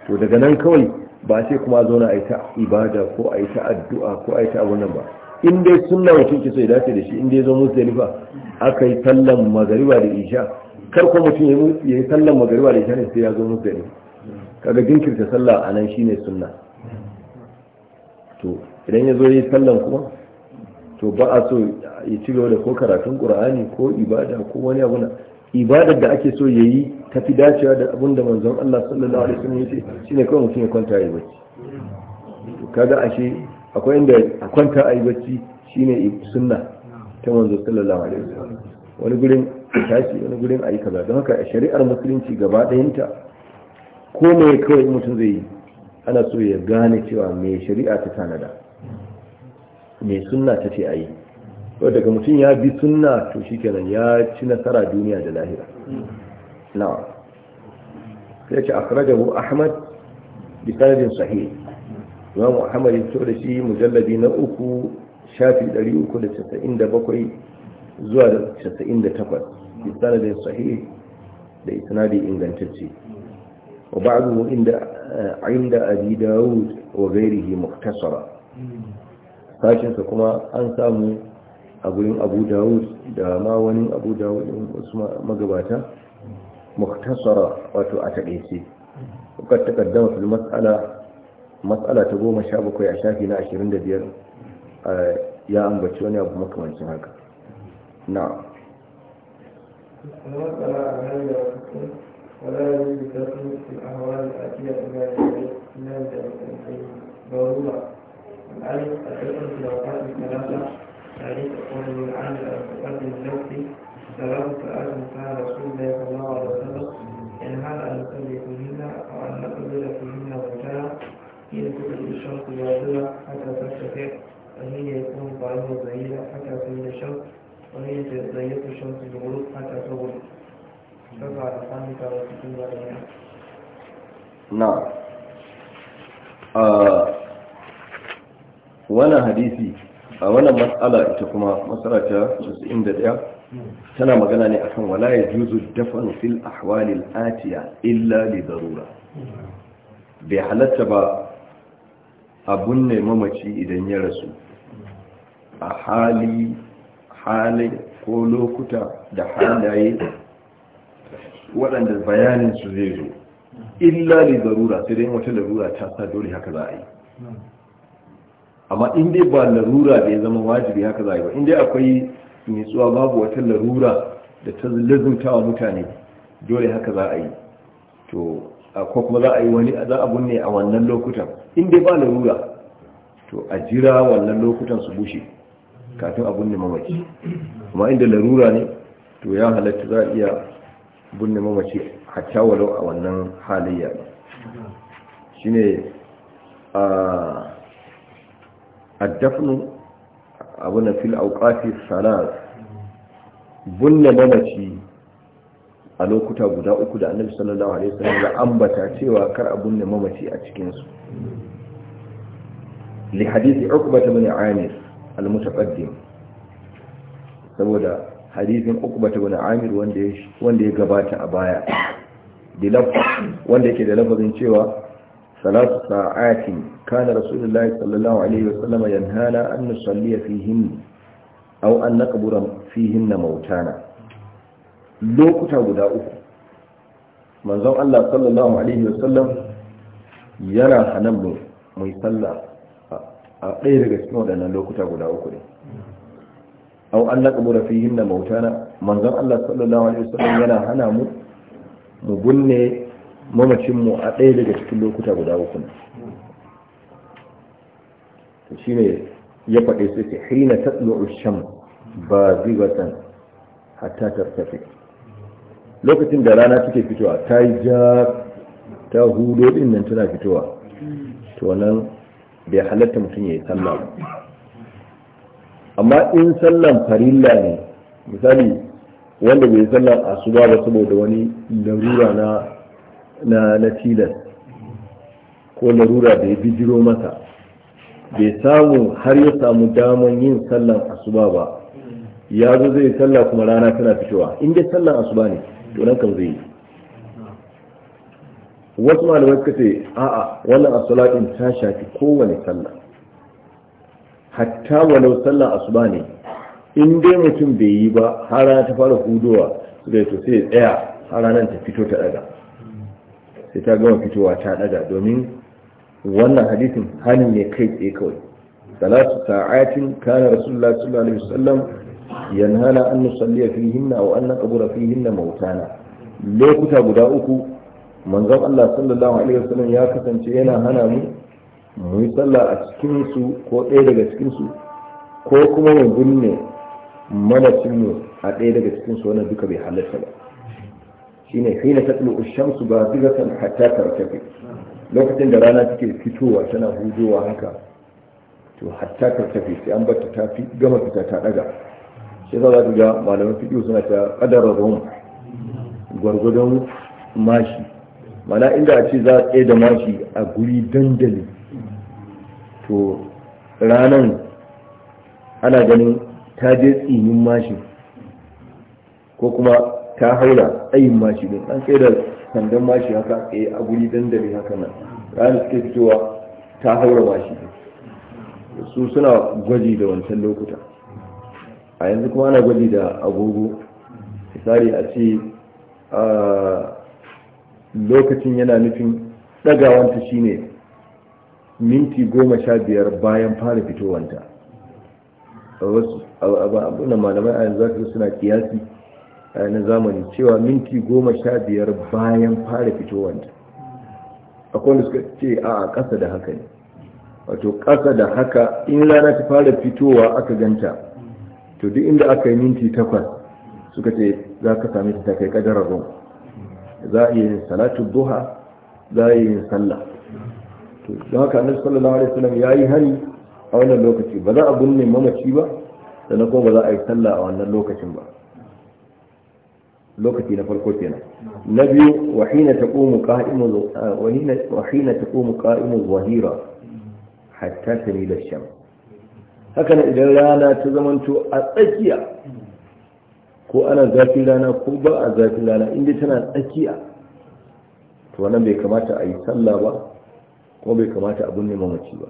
to daga nan kawai ba sai kuma zauna a yi ta ibada ko a yi ta addu'a ko a yi ta abunan ba in dai sunna mutum ki so ya dace da shi in dai zo musdalifa aka yi sallan magariba da isha kar ko mutum ya yi sallan magariba da isha ne sai ya zo musdalifa kaga jinkirta sallah a nan shine sunna to idan ya zo ya yi sallan kuma to ba a so ya ci gaba da ko karatun qur'ani ko ibada ko wani abu na ibadar da ake so ya yi ta fi dacewa da abin da manzon Allah sallallahu alaihi wasallam ya ce shine kawai mutum ya kwanta ya bacci to kaga ashe akwai inda a kwanta a yi bacci shine suna ta manzo sallallahu alaihi wani gurin tashi wani gurin a yi kaza don haka a shari'ar musulunci gaba ɗayanta ko mai kawai mutum zai yi ana so ya gane cewa mai shari'a ta tanada mai suna ta ce a yi daga mutum ya bi suna to shi kenan ya ci nasara duniya da lahira na'am sai ce akhrajahu ahmad bi sanadin sahih imam muhammad ya fito da shi mujalladi na uku shafi 397 zuwa 98 bisanadin sahih da isnadi ingantacce wa ba'dahu inda eh, inda abi daud wa ghairihi sa kuma an samu a gurin abu daud da ma wani abu daud din usman magabata muktasara wato a takeice وقد تقدم في المسألة matsala ta goma sha bakwai a shafi na ashirin da biyar ya ambaci wani abu makamancin haka na ولا يجوز دخل في الأهوال الآتية إلى إلا بأمرين ضرورة العين الحكم في الأوقات الثلاثة تعريف قول العين المتقدم النفسي ثلاث ساعات كان رسول الله صلى الله عليه وسلم إن هذا أن نصلي فيهن أو أن نقبل فيهن وجاء إلى كتب الشرق والغلى حتى ترتفع وهي يكون طعمها زهيرا حتى تميل الشمس وهي زيت الشمس بالغروب حتى تغرب فضع لحامك وستين عليها نعم wannan hadisi a wannan matsala ita kuma matsala ta 91 tana magana ne akan wala ya juzu dafan fil ahwalil atiya illa li darura bai halatta ba abun ne mamaci idan ya rasu a hali hali ko lokuta da halaye waɗanda bayanin su zai zo illa ne zarura sai dai wata larura ta sa dole haka za a yi amma in dai ba larura da ya zama wajibi haka za a yi ba in dai akwai nitsuwa babu wata larura da ta lazumta wa mutane dole haka za a yi to ko kuma za a yi wani za a bunne a wannan lokutan Inda ba larura to a jira wannan lokutan su bushe kafin a binne mamaci amma inda larura ne to ya halatta za a iya binne mamaci a walau a wannan halayya shine a addafnu abuna fil auqati salat binne mamaci a lokuta guda uku da annabi sallallahu alaihi wasallam ya ambata cewa kar a binne mamaci a cikin su li hadisi uqba ibn amir al-mutaqaddim saboda hadisin uqba bani amir wanda ya wanda ya gabata a baya dilaf wanda yake da lafazin cewa salatu sa'atin kana rasulullahi sallallahu alaihi wasallam yanhana an nusalli fihin aw an naqbura fihin mautana lokuta guda uku manzon Allah sallallahu alaihi wasallam yana hanan mu mai sallah a ɗaya daga cikin waɗannan lokuta guda uku ne au an laƙabura fi hinna mautana manzon Allah sallallahu alaihi wasallam yana hana mu mu gunne mamacin mu a ɗaya daga cikin lokuta guda uku ne to shine ya faɗe sai ce hina tatlu'u ba zibatan hatta tartafi lokacin da rana take fitowa ta yi ja ta hudo din nan tana fitowa to nan bai halatta mutum ya yi sallah amma in sallan farilla ne misali wanda bai sallan asuba ba saboda wani larura na na tilas ko larura da ya bijiro masa bai samu har ya samu daman yin sallan asuba ba ya zo zai sallah kuma rana tana fitowa in dai sallan asuba ne tunan kan zai yi wasu malamai suka ce a'a wannan asalatin ta shafi kowane sallah hatta walau sallah asuba ne in dai mutum bai yi ba har rana ta fara hudowa suka to sai ya tsaya har ranar ta fito ta daga sai ta gama fitowa ta daga domin wannan hadisin hannun ne kai tsaye kawai salatu sa'atin kana rasulullah sallallahu alaihi wasallam yanhana an nusalli fihinna wa an naqbura fihinna mautana lokuta guda uku manzon Allah sallallahu alaihi wasallam ya kasance yana hana mu mu yi sallah a cikin su ko ɗaya daga cikin ko kuma mu binne mamacin mu a ɗaya daga cikin su duka bai halatta ba shine hina tatlu ash-shamsu bazigatan hatta tartafi lokacin da rana take fitowa tana hujowa haka to hatta tartafi sai an bar ta tafi gama fita ta ɗaga. shi za ka ga malamin fiƙi suna ta kadara rum gwargwadon mashi mana inda a ce za a tsaye da mashi a guri dandali to ranan ana ganin ta je tsinin mashi ko kuma ta haura tsayin mashi din an tsaye da sandan mashi haka tsaye a guri dandali haka nan ranar suke fitowa ta haura mashi su suna gwaji da wancan lokuta a yanzu kuma ana gwaji da agogo misali a ce lokacin yana nufin ɗagawanta shine minti goma sha biyar bayan fara fitowanta abunan malamai a yanzu zafi suna kiyasi na zamani cewa minti goma sha biyar bayan fara fitowanta akwai suka ce a kasa da haka ne wato kasa da haka in rana ta fara fitowa aka ganta to duk inda aka yi minti takwas suka ce za ka sami ta kai kadarar rom za a yi salatu duha za a yi sallah to don haka annabi sallallahu alaihi wasallam ya yi hari a wannan lokaci ba za a binne mamaci ba sannan kuma ba za a yi sallah a wannan lokacin ba lokaci na farko kenan na biyu wa hina taqumu qa'imu wa hina wa hina taqumu qa'imu dhahira hatta tanila shams hakan idan rana ta zamanto a tsakiya ko ana zafin rana ko ba a zafin rana inda tana tsakiya to wannan bai kamata a yi sallah ba kuma bai kamata a binne mamaci ba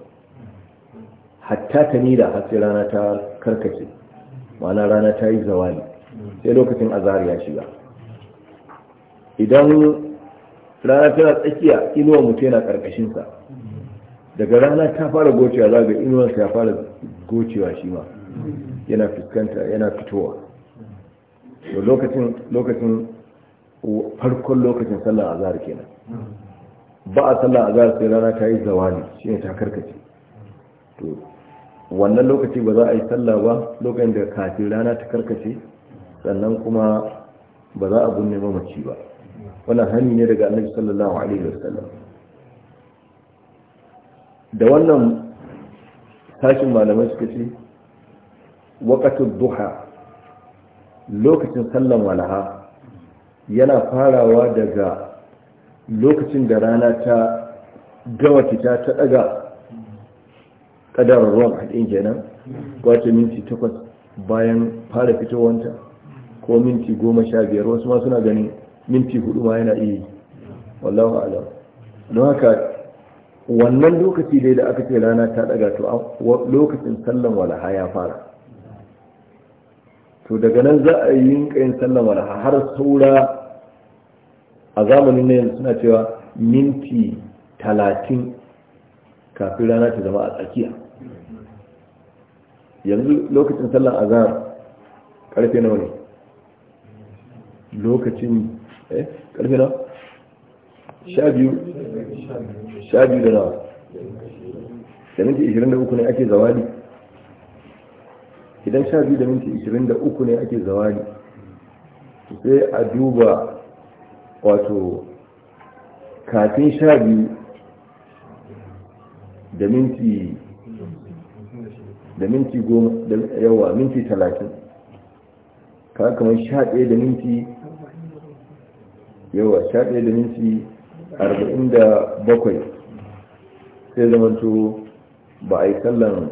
hatta ta nila har sai rana ta karkace ma'ana rana ta yi zawali sai lokacin azhar ya shiga idan rana tana tsakiya inuwa mutu yana karkashin sa daga rana ta fara gocewa za ga inuwa ya fara gocewa shi ma yana fuskanta yana fitowa lokacin lokacin farkon lokacin sallar azhar kenan ba a sallar azhar sai rana ta yi shi shine ta karkace to wannan lokaci ba za a yi sallah ba lokacin da kafin rana ta karkace sannan kuma ba za a binne mamaci ba wannan hani ne daga annabi sallallahu alaihi wasallam da wannan tashin malamai suka ce waƙatun duha lokacin sallan walaha yana farawa daga lokacin da rana ta gama fita ta ɗaga ƙadarar ruwan haɗin kenan wace minti takwas bayan fara fitowanta ko minti goma sha biyar wasu ma suna ganin minti hudu ma yana iya wallahu alam don haka wannan lokaci dai da aka ce rana ta daga to lokacin sallan walaha ya fara to daga nan za a yi yin sallan walaha har saura a zamanin nan suna cewa minti talatin kafin rana ta zama a tsakiya yanzu lokacin sallan azhar karfe nawa ne lokacin eh karfe nawa sha biyu da nawa da minti ishirin da uku ne ake zawali idan sha biyu da minti ishirin da uku ne ake zawali sai a duba wato kafin sha biyu da minti da minti goma da yawa minti talatin ka kamar sha ɗaya da minti yawa sha ɗaya da minti arba'in da bakwai sai zamanto ba a yi sallan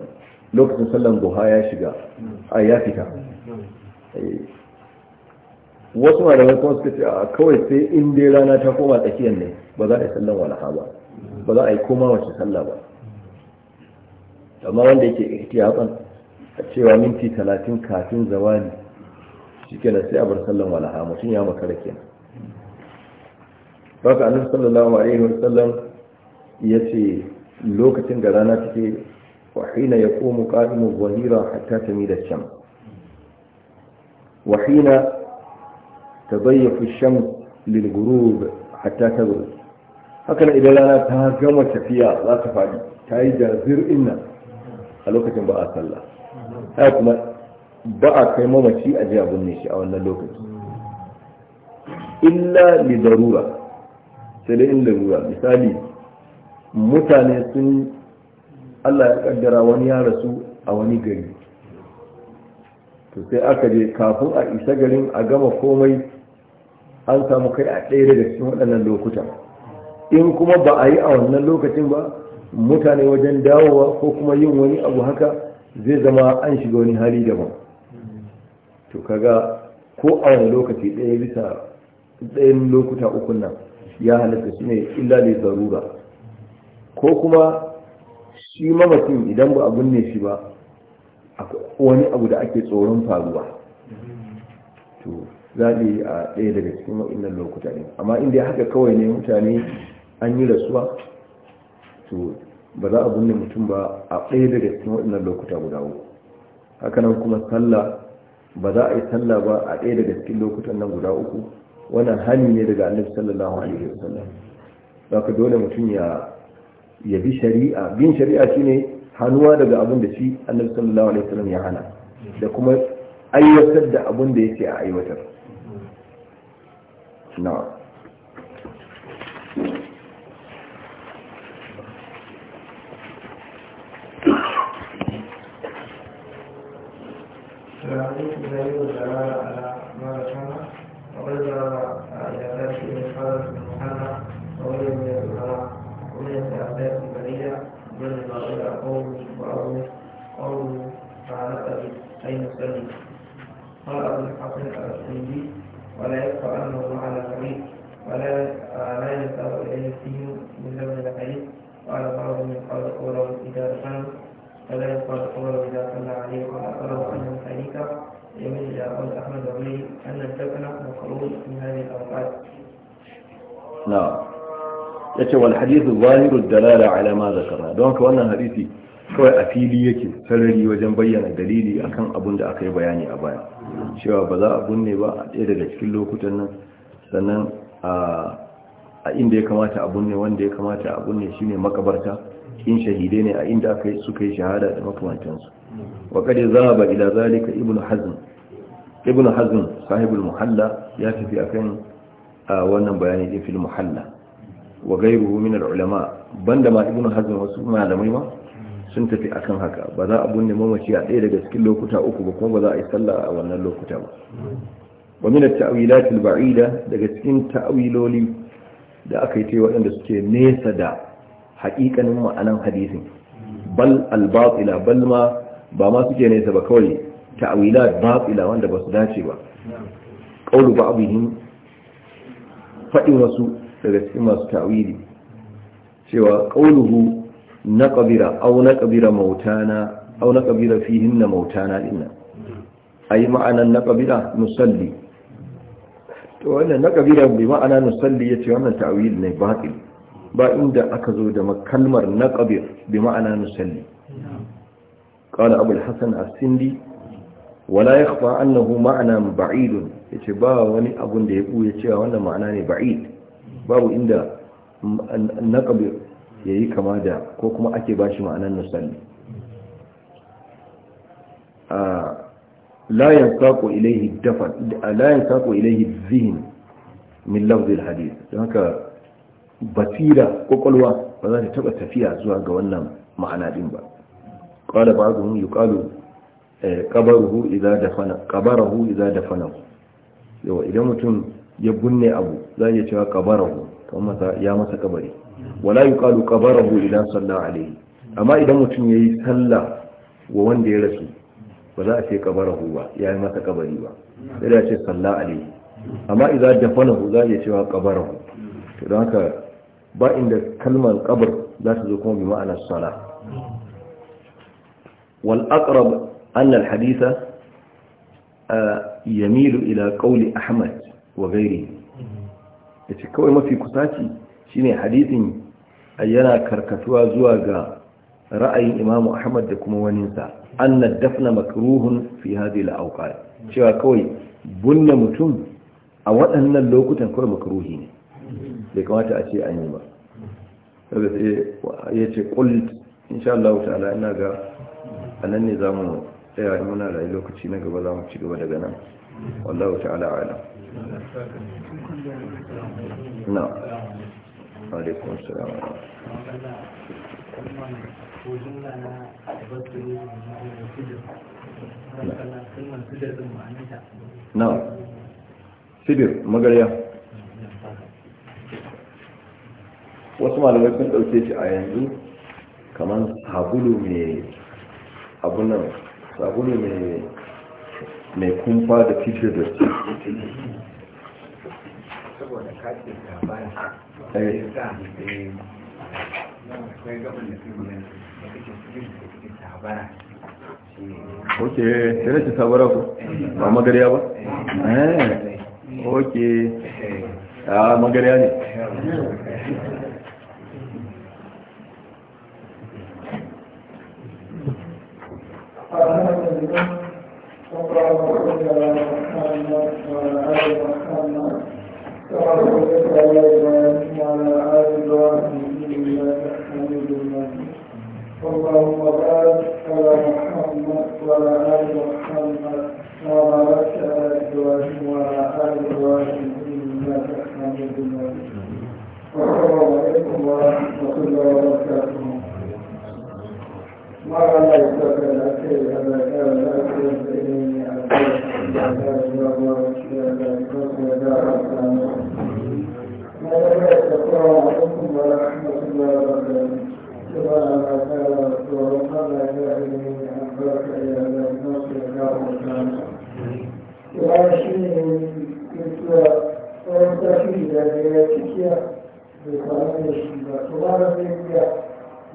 lokacin sallan guha ya shiga a ya fita eh, wasu malamai kuma suka ce a kawai sai in dai rana ta koma tsakiyar ne ba za a yi sallan walaha ba ba za a yi koma wace salla ba amma wanda yake ke a cewa minti talatin kafin zawani shi kenan sai a bar sallan walaha mutum ya makara kenan ba annabi sallallahu alaihi wasallam ya ce lokacin da rana take wahina ya komo ƙa'imu zahira hatta ta mi da sham wahina ta shan sham lilgurub hatta ta haka idan rana ta gama tafiya za ta faɗi tayi yi jazir inna a lokacin ba a sallah haka kuma ba a kai mamaci a ji abin ne shi a wannan lokaci illa li darura sai dai in larura misali mutane sun allah ya kaddara wani ya rasu a wani gari to sai aka je kafin a isa garin a gama komai an samu kai a ɗaya da cikin waɗannan lokuta in kuma ba a yi a wannan lokacin ba mutane wajen dawowa ko kuma yin wani abu haka zai zama an shiga wani hali daban to kaga ko a wani lokaci ɗaya bisa ɗayan lokuta ukun nan ya halatta shi ne illa ne zarura ko kuma shi mamacin idan ba a binne shi ba wani abu da ake tsoron faruwa to zaɓi a ɗaya daga cikin waɗannan lokuta ne amma inda ya haka kawai ne mutane an yi rasuwa to ba za a binne mutum ba a ɗaya daga cikin waɗannan lokuta guda uku hakanan kuma sallah ba za a yi sallah ba a ɗaya daga cikin lokutan nan guda uku wannan hani ne daga annabi sallallahu alaihi wasallam ka dole mutum ya ya bi shari'a bin shari'a shine hanuwa daga abin da shi annabi sallallahu alaihi wasallam ya hana da kuma aiwatar da abin da yake a aiwatar na'am mara you. وقد إلى ذلك من حالة المحنى وغير من العلماء البرية بل ما إلى قول وأول قول أبي أي مسلم قال أبو الحسن الأسندي ولا يبقى أنه على حديث ولا لا يسأل إليه فيه من لبن الحديث قال بعض من قوله إذا دخل فلا يقال قوله إذا صلى عليه وقال أنه حديث يميل إلى قول أحمد وغيره أن الدفن المخروج yace wal hadithu zahiru dalala ala ma zakara don ka wannan hadisi kawai a fili yake sarari wajen bayyana dalili akan abun da aka yi bayani a baya cewa ba za a bunne ba a ɗaya daga cikin lokutan nan sannan a inda ya kamata a bunne wanda ya kamata a bunne shine makabarta in shahidai ne a inda akai suka yi shahada da makamantansu wa zama ba ila zalika ibnu hazm ibn hazm sahibul muhalla ya tafi akan wannan bayani din fil muhalla wa ghayruhu min al ulama banda ma ibn hazm wasu malamai ma sun tafi akan haka ba za a bunne mamaci a ɗaya daga cikin lokuta uku ba kuma ba za a yi sallah a wannan lokuta ba wa min at ta'wilat al ba'ida daga cikin ta'wiloli da aka yi ta waɗanda suke nesa da haƙiƙanin ma'anan hadisin bal al batila bal ma ba ma suke nesa ba kawai ta'awilat batila wanda ba su dace ba qaulu ba'dihim fadin wasu daga cikin masu ta'wili cewa qauluhu naqbira aw naqbira mautana aw naqbira na mautana dinna ai ma'anan naqbira nusalli to wannan naqbira bi ma'ana nusalli yace wannan ta'wil ne batil ba inda aka zo da kalmar naqbir bi ma'ana nusalli قال أبو الحسن السندي wala ya kafa annahu ma'ana ba'idun ya ce ba wani abun da ya ɓuya cewa wannan ma'ana ne ba'id babu inda naƙabir ya yi kama da ko kuma ake ba shi ma'anan nusalli la yansaku ilaihi zihin min lafzil hadith don haka basira ƙwaƙwalwa ba za ta taɓa tafiya zuwa ga wannan ma'ana ɗin ba ƙwada ba zuwa yi Ƙabarahu eh, idza dafana qabarahu idza dafana yawa idan mutum ya gunne abu za ya cewa qabarahu kamar masa ya masa kabari wala yuqalu qabarahu idza sallah alaihi amma idan mutum yayi sallah wa wanda ya rasu ba za a ce qabarahu ba yayi masa kabari ba sai da ce sallah alaihi amma idza dafanahu za ya cewa qabarahu to don haka ba inda kalmar kabar za ta zo kuma bi ma'anar sala wal aqrab أن الحديث يميل إلى قول أحمد وغيره يتكوي ما في كتاتي شيني حديث أينا كركتوا زواغا رأي إمام أحمد دكما وننسى أن الدفن مكروه في هذه الأوقات شوى كوي بن متم أو أن اللوكو تنكوي مكروهين لكما تأتي أنيما يتقلت إن شاء الله تعالى أنك أنني زامنه tsaya da muna rayu lokaci na gaba za mu ci gaba daga nan wallahu ta'ala alam na alaikun salam na sibir magarya wasu malamai sun ɗauke shi a yanzu kamar habulu mai abunan sabulu mai kumfa da fice da su saboda bayan eh. da ce sabara ku ba magariya ba eh. eh. a ah, magariya ne فأنا منهم وقال رسول الله محمد وعلى آل محمد كما صليت على إبراهيم وعلى آل إبراهيم إنك حميد مجيد اللهم بارك على محمد وعلى آل محمد وبارك على إبراهيم وعلى آل إبراهيم إنك حميد مجيد والسلام عليكم ورحمة الله وبركاته yake ne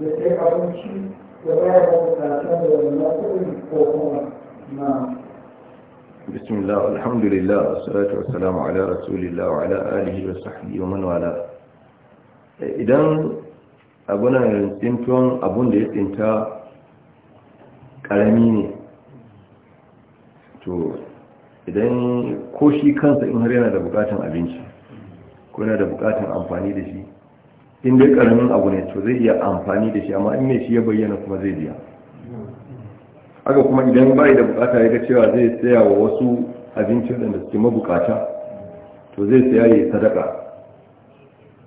Thank you. بسم الله الحمد لله والصلاة والسلام على رسول الله وعلى آله وصحبه ومن والاه idan abuna tsintuwan abun da ya tsinta karami ne to idan ko shi kansa in har yana da abinci ko da bukatan amfani da shi in dai karamin abu ne to zai iya amfani da shi amma in ne shi ya bayyana kuma zai biya haka kuma idan ba da bukata ya ga cewa zai saya wa wasu abincin da suke mabukata to zai saya ya sadaka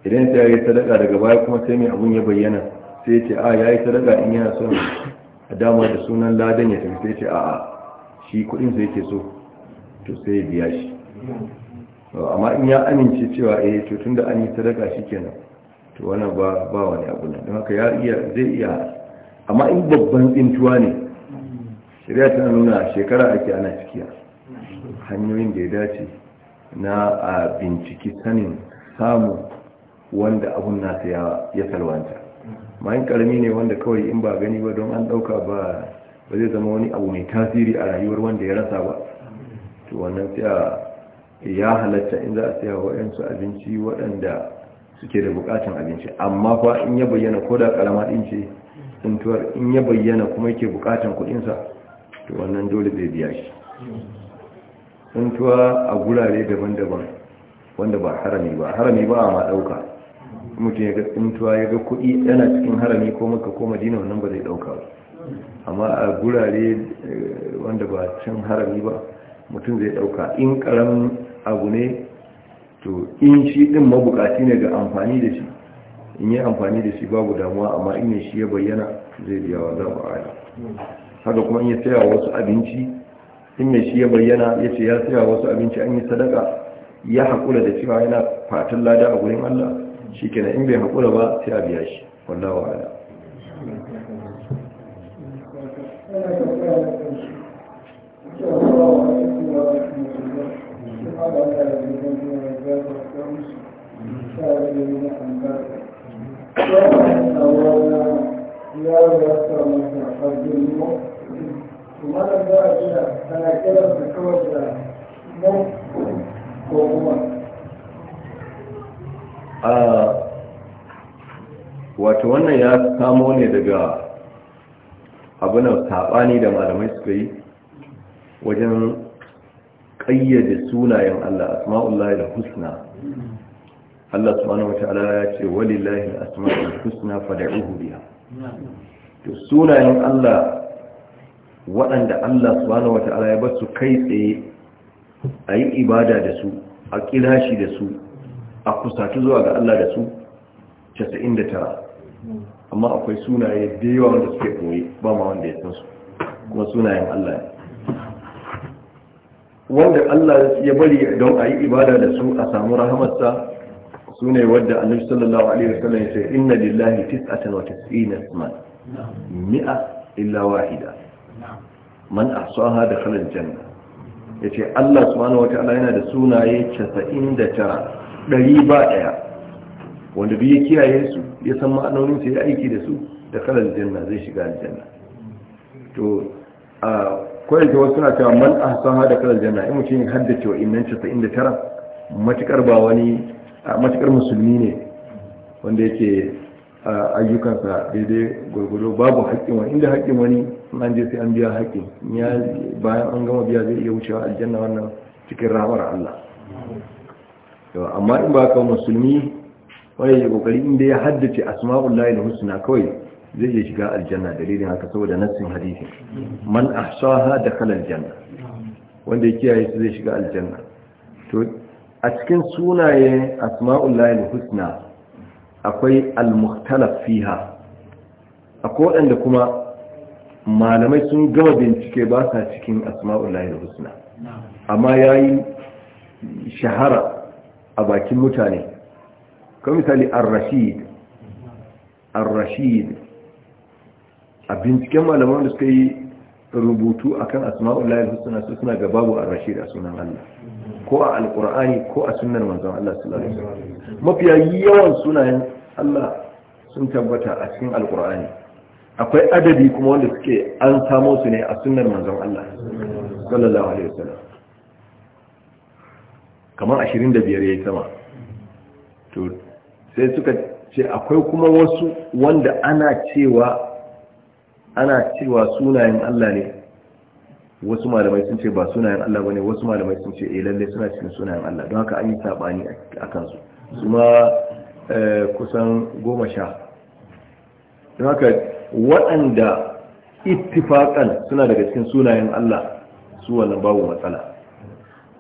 idan saya ya sadaka daga baya kuma sai mai abun ya bayyana sai ce a ya yi sadaka in yana son a dama da sunan ladan ya tafi sai ce a a shi kudin sai ke so to sai ya biya shi amma in ya amince cewa eh to tunda an yi sadaka shikenan to wannan ba ba wani abu ne don haka ya iya zai iya amma in babban tsintuwa ne shari'a tana nuna shekara ake ana cikiya hanyoyin da ya dace na a binciki sanin samu wanda abun nasa ya salwanta mayan karami ne wanda kawai in ba gani ba don an dauka ba ba zai zama wani abu mai tasiri a rayuwar wanda ya rasa ba to wannan sai ya halatta in za a saya wa abinci waɗanda suke da bukatun abinci amma kuwa in ya bayyana ko da karama din ce tsuntuwar in ya bayyana kuma yake bukatun kudinsa to wannan dole zai biya shi tsuntuwa a gurare daban-daban wanda ba harami ba harami ba a ma dauka mutum ya ga tsuntuwa ya ga kudi yana cikin harami ko maka ko madina wannan ba zai dauka ba amma a gurare eh, wanda ba can harami ba mutum zai dauka in karamin abu ne to in shi din mabukaci ne ga amfani da shi in yi amfani da shi babu damuwa amma in shi ya bayyana zai biya wa za aya haka kuma in ya saya wasu abinci in shi ya bayyana ya ce ya saya wasu abinci an yi sadaka ya haƙura da cewa yana fatan lada a gurin Allah shi kenan in bai haƙura ba sai a biya shi wallawa ala wato wannan ya samo ne daga abinan saɓani da malamai suka yi wajen kayyade sunayen Allah asma'ullahi da husna Allah subhanahu wata'ala ya ce walillahi asma'ul husna fad'uhu biha to sunayen Allah waɗanda Allah subhanahu wata'ala ya basu su kai tsaye a yi ibada da su a kilashi da su a kusaci zuwa ga Allah da su 99 amma akwai sunaye da yawa wanda suke koyi ba ma wanda ya san su kuma sunayen Allah ne wanda Allah ya bari don a yi ibada da su a samu rahamarsa su ne wadda annabi sallallahu alaihi wasallam ya ce inna lillahi tis'atan wa tis'ina isman mi'a illa wahida man ahsaha dakhala aljanna yace Allah subhanahu wa ta'ala yana da sunaye 99 ɗari ba ɗaya wanda duk ya kiyaye su ya san ma'anonin su ya aiki da su da kalar janna zai shiga aljanna to a ko yanzu wasu suna cewa man san da kalar janna in mutum ya haddace wa inda tara matukar ba wani matukar musulmi ne wanda yake ayyukansa daidai gwargwado babu haƙƙin wani inda haƙƙin wani an je sai an biya haƙƙin bayan an gama biya zai iya wucewa aljanna wannan cikin ramar Allah amma in ba ka musulmi wani ya ƙoƙari inda ya haddace asma'ullahi da husna kawai zai iya shiga aljanna dalilin haka saboda nassin hadisi man ahsaha dakhala aljanna wanda ya kiyaye su zai shiga aljanna to a cikin sunaye asma'ullahi husna akwai al-mukhtalaf fiha akwai waɗanda kuma malamai sun gama bincike ba sa cikin asma'ullahi husna amma yayi shahara a bakin mutane kamar misali ar-rashid ar-rashid a binciken malaman da suka yi rubutu akan asma'ul layar husna su suna ga babu a rashid a sunan Allah ko a Alƙur'ani, ko a sunan manzan Allah sallallahu alaihi wasallam mafiya yawan sunayen Allah sun tabbata a cikin Alƙur'ani. akwai adadi kuma wanda suke an samo su ne a sunan manzan Allah sallallahu alaihi wasallam kamar ashirin da biyar ya yi sama to sai suka ce akwai kuma wasu wanda ana cewa ana cewa sunayen Allah ne wasu malamai sun ce ba sunayen Allah bane wasu malamai sun ce eh lalle suna cikin sunayen Allah don haka an yi sabani a kansu kuma eh, kusan goma sha don haka waɗanda ittifaƙan suna daga cikin sunayen Allah su wannan babu matsala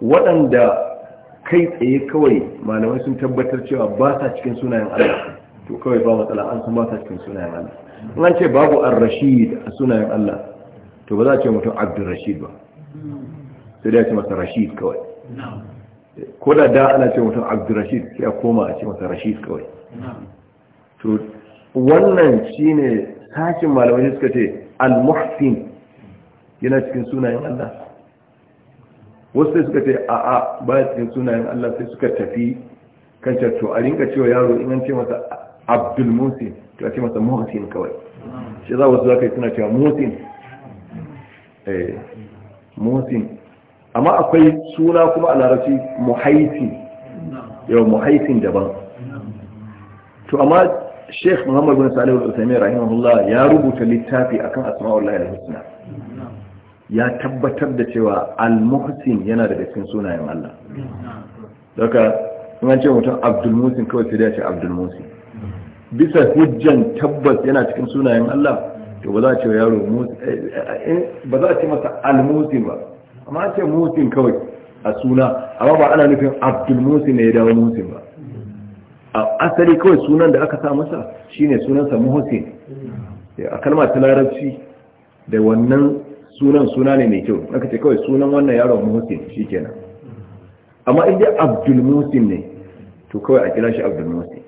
waɗanda kai tsaye kawai malamai sun tabbatar cewa ba sa cikin sunayen Allah to kawai ba matsala an san ba sa cikin sunayen Allah in an ce babu ar-rashid a sunayen Allah to ba za a ce mutum abdur rashid ba sai dai a ce masa rashid kawai ko da da ana ce mutum abdur rashid sai a koma a ce masa rashid kawai to wannan shine sashin malamai suka ce al-muhsin yana cikin sunayen Allah wasu sai suka ce a a baya cikin sunayen Allah sai suka tafi kan to a rinka cewa yaro in an ce masa abdul musin to ce masa mohsin kawai shi za wasu ka yi suna cewa musin eh, musin amma akwai suna kuma a larabci muhaisin yau muhaisin daban to amma sheikh muhammad bin salih al-usaimi rahimahullah ya rubuta littafi akan asmaul asma'ullahi al-husna ya tabbatar da cewa al-muhsin yana daga cikin sunayen Allah daga an ce mutum abdul musin kawai sai da ce abdul musin bisa hujjan tabbas yana cikin sunayen Allah to ba za a ce wa yaro eh, eh, ba za a ce masa al-musin ba amma a ce musin kawai a suna amma ba ana nufin abdul musin ne ya dawo musin ba a asali kawai sunan da aka sa masa shine sunansa muhsin a kalmar ta larabci da wannan sunan suna ne mai kyau aka ce kawai sunan wannan yaro muhsin shikenan amma idan abdul musin ne to kawai a kira shi abdul musin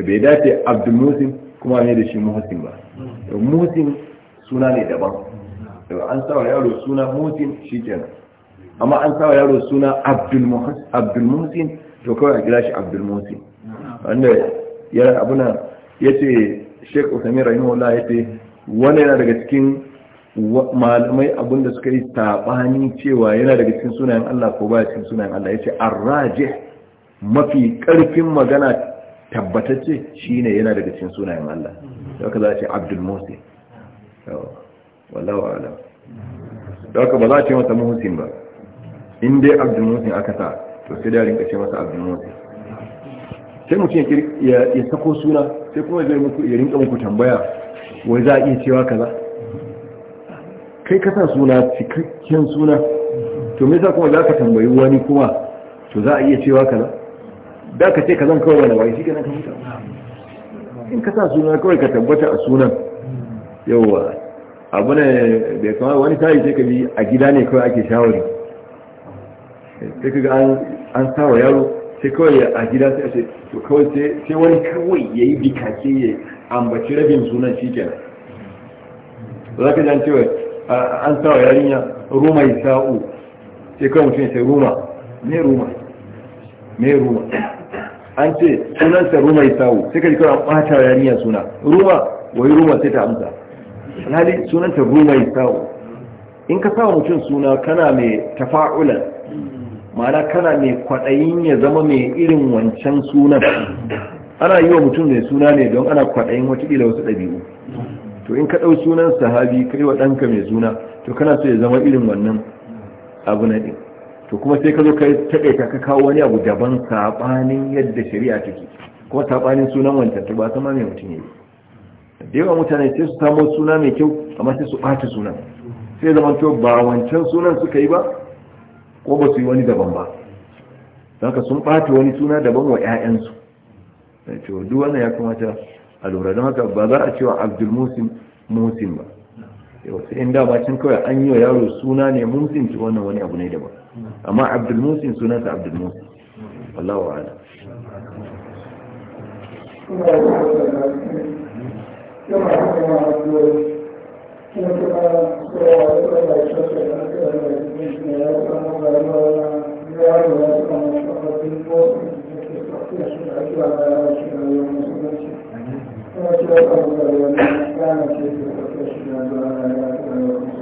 bai dace abdul musin kuma ne da shi muhsin ba muhsin suna ne daban an sawa yaro suna muhsin kenan amma an sawa yaro suna abdul muhsin abdul to kawai a kira shi abdul muhsin wanda ya abuna yace Sheikh Uthaymeen ya yace wani yana daga cikin malamai abinda suka yi tabani cewa yana daga cikin sunayen Allah ko baya cikin sunayen Allah yace ar-rajih mafi karfin magana tabbatacce ne yana daga cin sunayen Allah haka za a ce abdul wallawa wallahu alam haka ba za a ce masa muhsin ba in dai abdul aka sa to sai da rinka ce masa abdul musin sai mutum ya sako suna sai kuma zai muku ya rinka muku tambaya wai za a iya cewa kaza kai ka sa suna cikakken suna to me yasa kuma za ka tambayi wani kuma to za a iya cewa kaza da ka ce ka zan kawai wani wani shi ka zan huta in ka sa suna kawai ka tabbata a sunan yauwa abu ne bai kama wani tayi ce ka bi a gida ne kawai ake shawari sai ka ga an sawa yaro sai kawai a gida sai a ce to kawai sai wani kawai ya yi bikake ya ambaci rabin sunan shi kenan za ka jan cewa an sawa yarinya roma yi sa'u sai kawai mutum ya sai ruma ne ruma ne ruma an ce sunansa ruma isawu sai ka kawai an ɓata yarinya suna ruma wai ruma sai ta amsa alhali sunanta ruma isawu in ka sa mutum suna kana mai tafa'ulan ma'ana kana mai kwaɗayin ya zama mai irin wancan sunan ana yi wa mutum mai suna ne don ana kwaɗayin watakila wasu ɗabi'u to in ka ɗau sunan sahabi kai wa ɗanka mai suna to kana so ya zama irin wannan abu na ɗin to kuma sai ka zo ka taƙaita ka kawo wani abu daban saɓanin yadda shari'a take kuma saɓanin sunan wancan ta ba sama mai mutum yayi da yawa mutane sai su samo suna mai kyau amma sai su ɓata sunan sai zama to ba wancan sunan suka yi ba ko ba su yi wani daban ba ka sun ɓata wani suna daban wa 'ya'yansu eh, to duk wannan ya kamata a lura don haka ba za a cewa abdul musim musim ba yau sai in da cin kawai an yi wa yaro suna ne musim ci wannan wani abu ne daban أما عبد الموسي سنات عبد الموسي الله أعلم Thank you.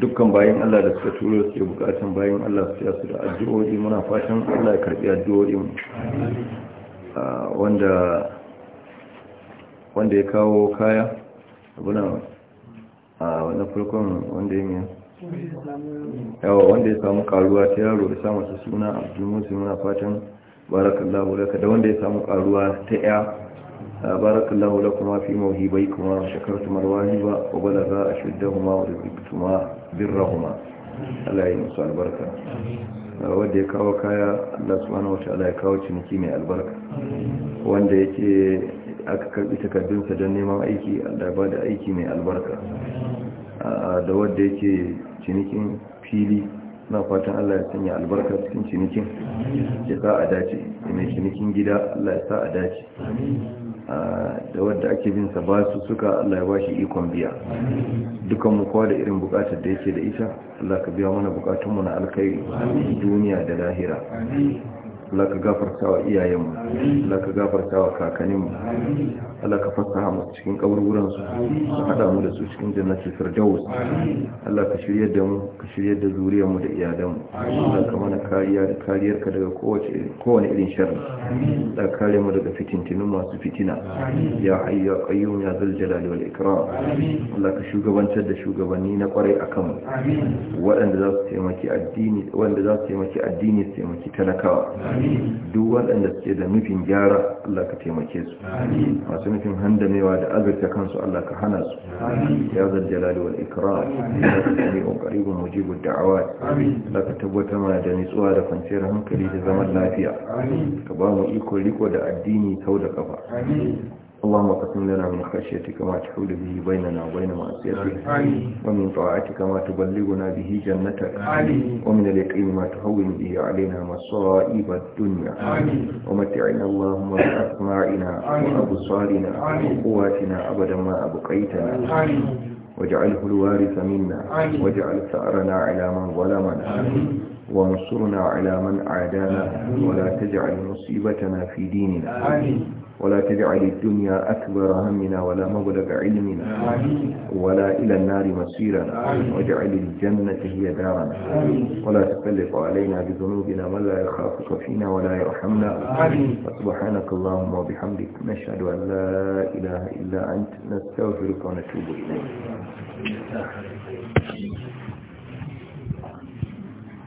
dukkan bayan Allah da suka turo suke bukatan bayan Allah su yasu da addu'o'i muna fatan Allah ya karbi addu'o'i ah, wanda ya kawo kaya abuna a wannan ah, farkon wanda ya wanda ya samu karuwa ta yaro da samu su suna abdul muna fatan barakallahu da wanda ya samu karuwa ta ya بارك الله لكما في موهبيكما وشكرتما الواهب وبلغ أشدهما ورزقتما برهما الله ينصى البركة wadda ya kawo kaya Allah subhanahu wataala ya kawo ciniki mai albarka wanda yake aka karbi takardunsa don neman aiki Allah ya bada aiki mai albarka da wadda yake cinikin fili na fatan Allah ya sanya albarka cikin cinikin ya sa a dace mai cinikin gida Allah ya sa a dace da wadda ake bin sa ba su suka Allah ya bashi ikon biya dukan mu kowa da irin bukatar da yake da ita Allah ka biya mana bukatun mu na alkhairi duniya da lahira Allah ka gafarta wa iyayenmu Allah ka gafarta wa kakanninmu Allah ka fasaha mu cikin kaburburan su ka hada mu da su cikin jannatin firdaus Allah ka shiryar da mu ka shiryar da zuriyar mu da iyalan mu Allah ka mana kariya da kariyar ka daga kowace kowane irin sharri Allah ka kare mu daga fitintinun masu fitina ya hayyu ya qayyum ya zal jalali wal ikram Allah ka shugabantar da shugabanni na kwarai akan mu waɗanda za su taimaki addini waɗanda za su taimaki addini su taimaki talakawa duk waɗanda suke da nufin gyara Allah ka taimake su masu nufin handamewa da azurta kansu Allah ka hana su ya jalali wal ikram ya ka a on qaribun mujibu da'awat Allah ka tabbata mana da nitsuwa da kwanciyar hankali da zaman lafiya ka ba mu iko riko da addini sau da kafa اللهم اقسم لنا من خشيتك ما تحول به بيننا وبين معصيتك ومن طاعتك ما تبلغنا به جنتك ومن اليقين ما تهون به علينا مصائب الدنيا ومتعنا اللهم بأسماعنا وأبصارنا وقواتنا أبدا ما أبقيتنا واجعله الوارث منا واجعل ثأرنا على من ظلمنا وانصرنا على من عادانا ولا تجعل مصيبتنا في ديننا ولا تدع للدنيا أكبر همنا ولا مبلغ علمنا ولا إلى النار مصيرنا واجعل الجنة هي دارنا ولا تكلف علينا بذنوبنا من لا يخافك فينا ولا يرحمنا سبحانك اللهم وبحمدك نشهد أن لا إله إلا أنت نستغفرك ونتوب إليك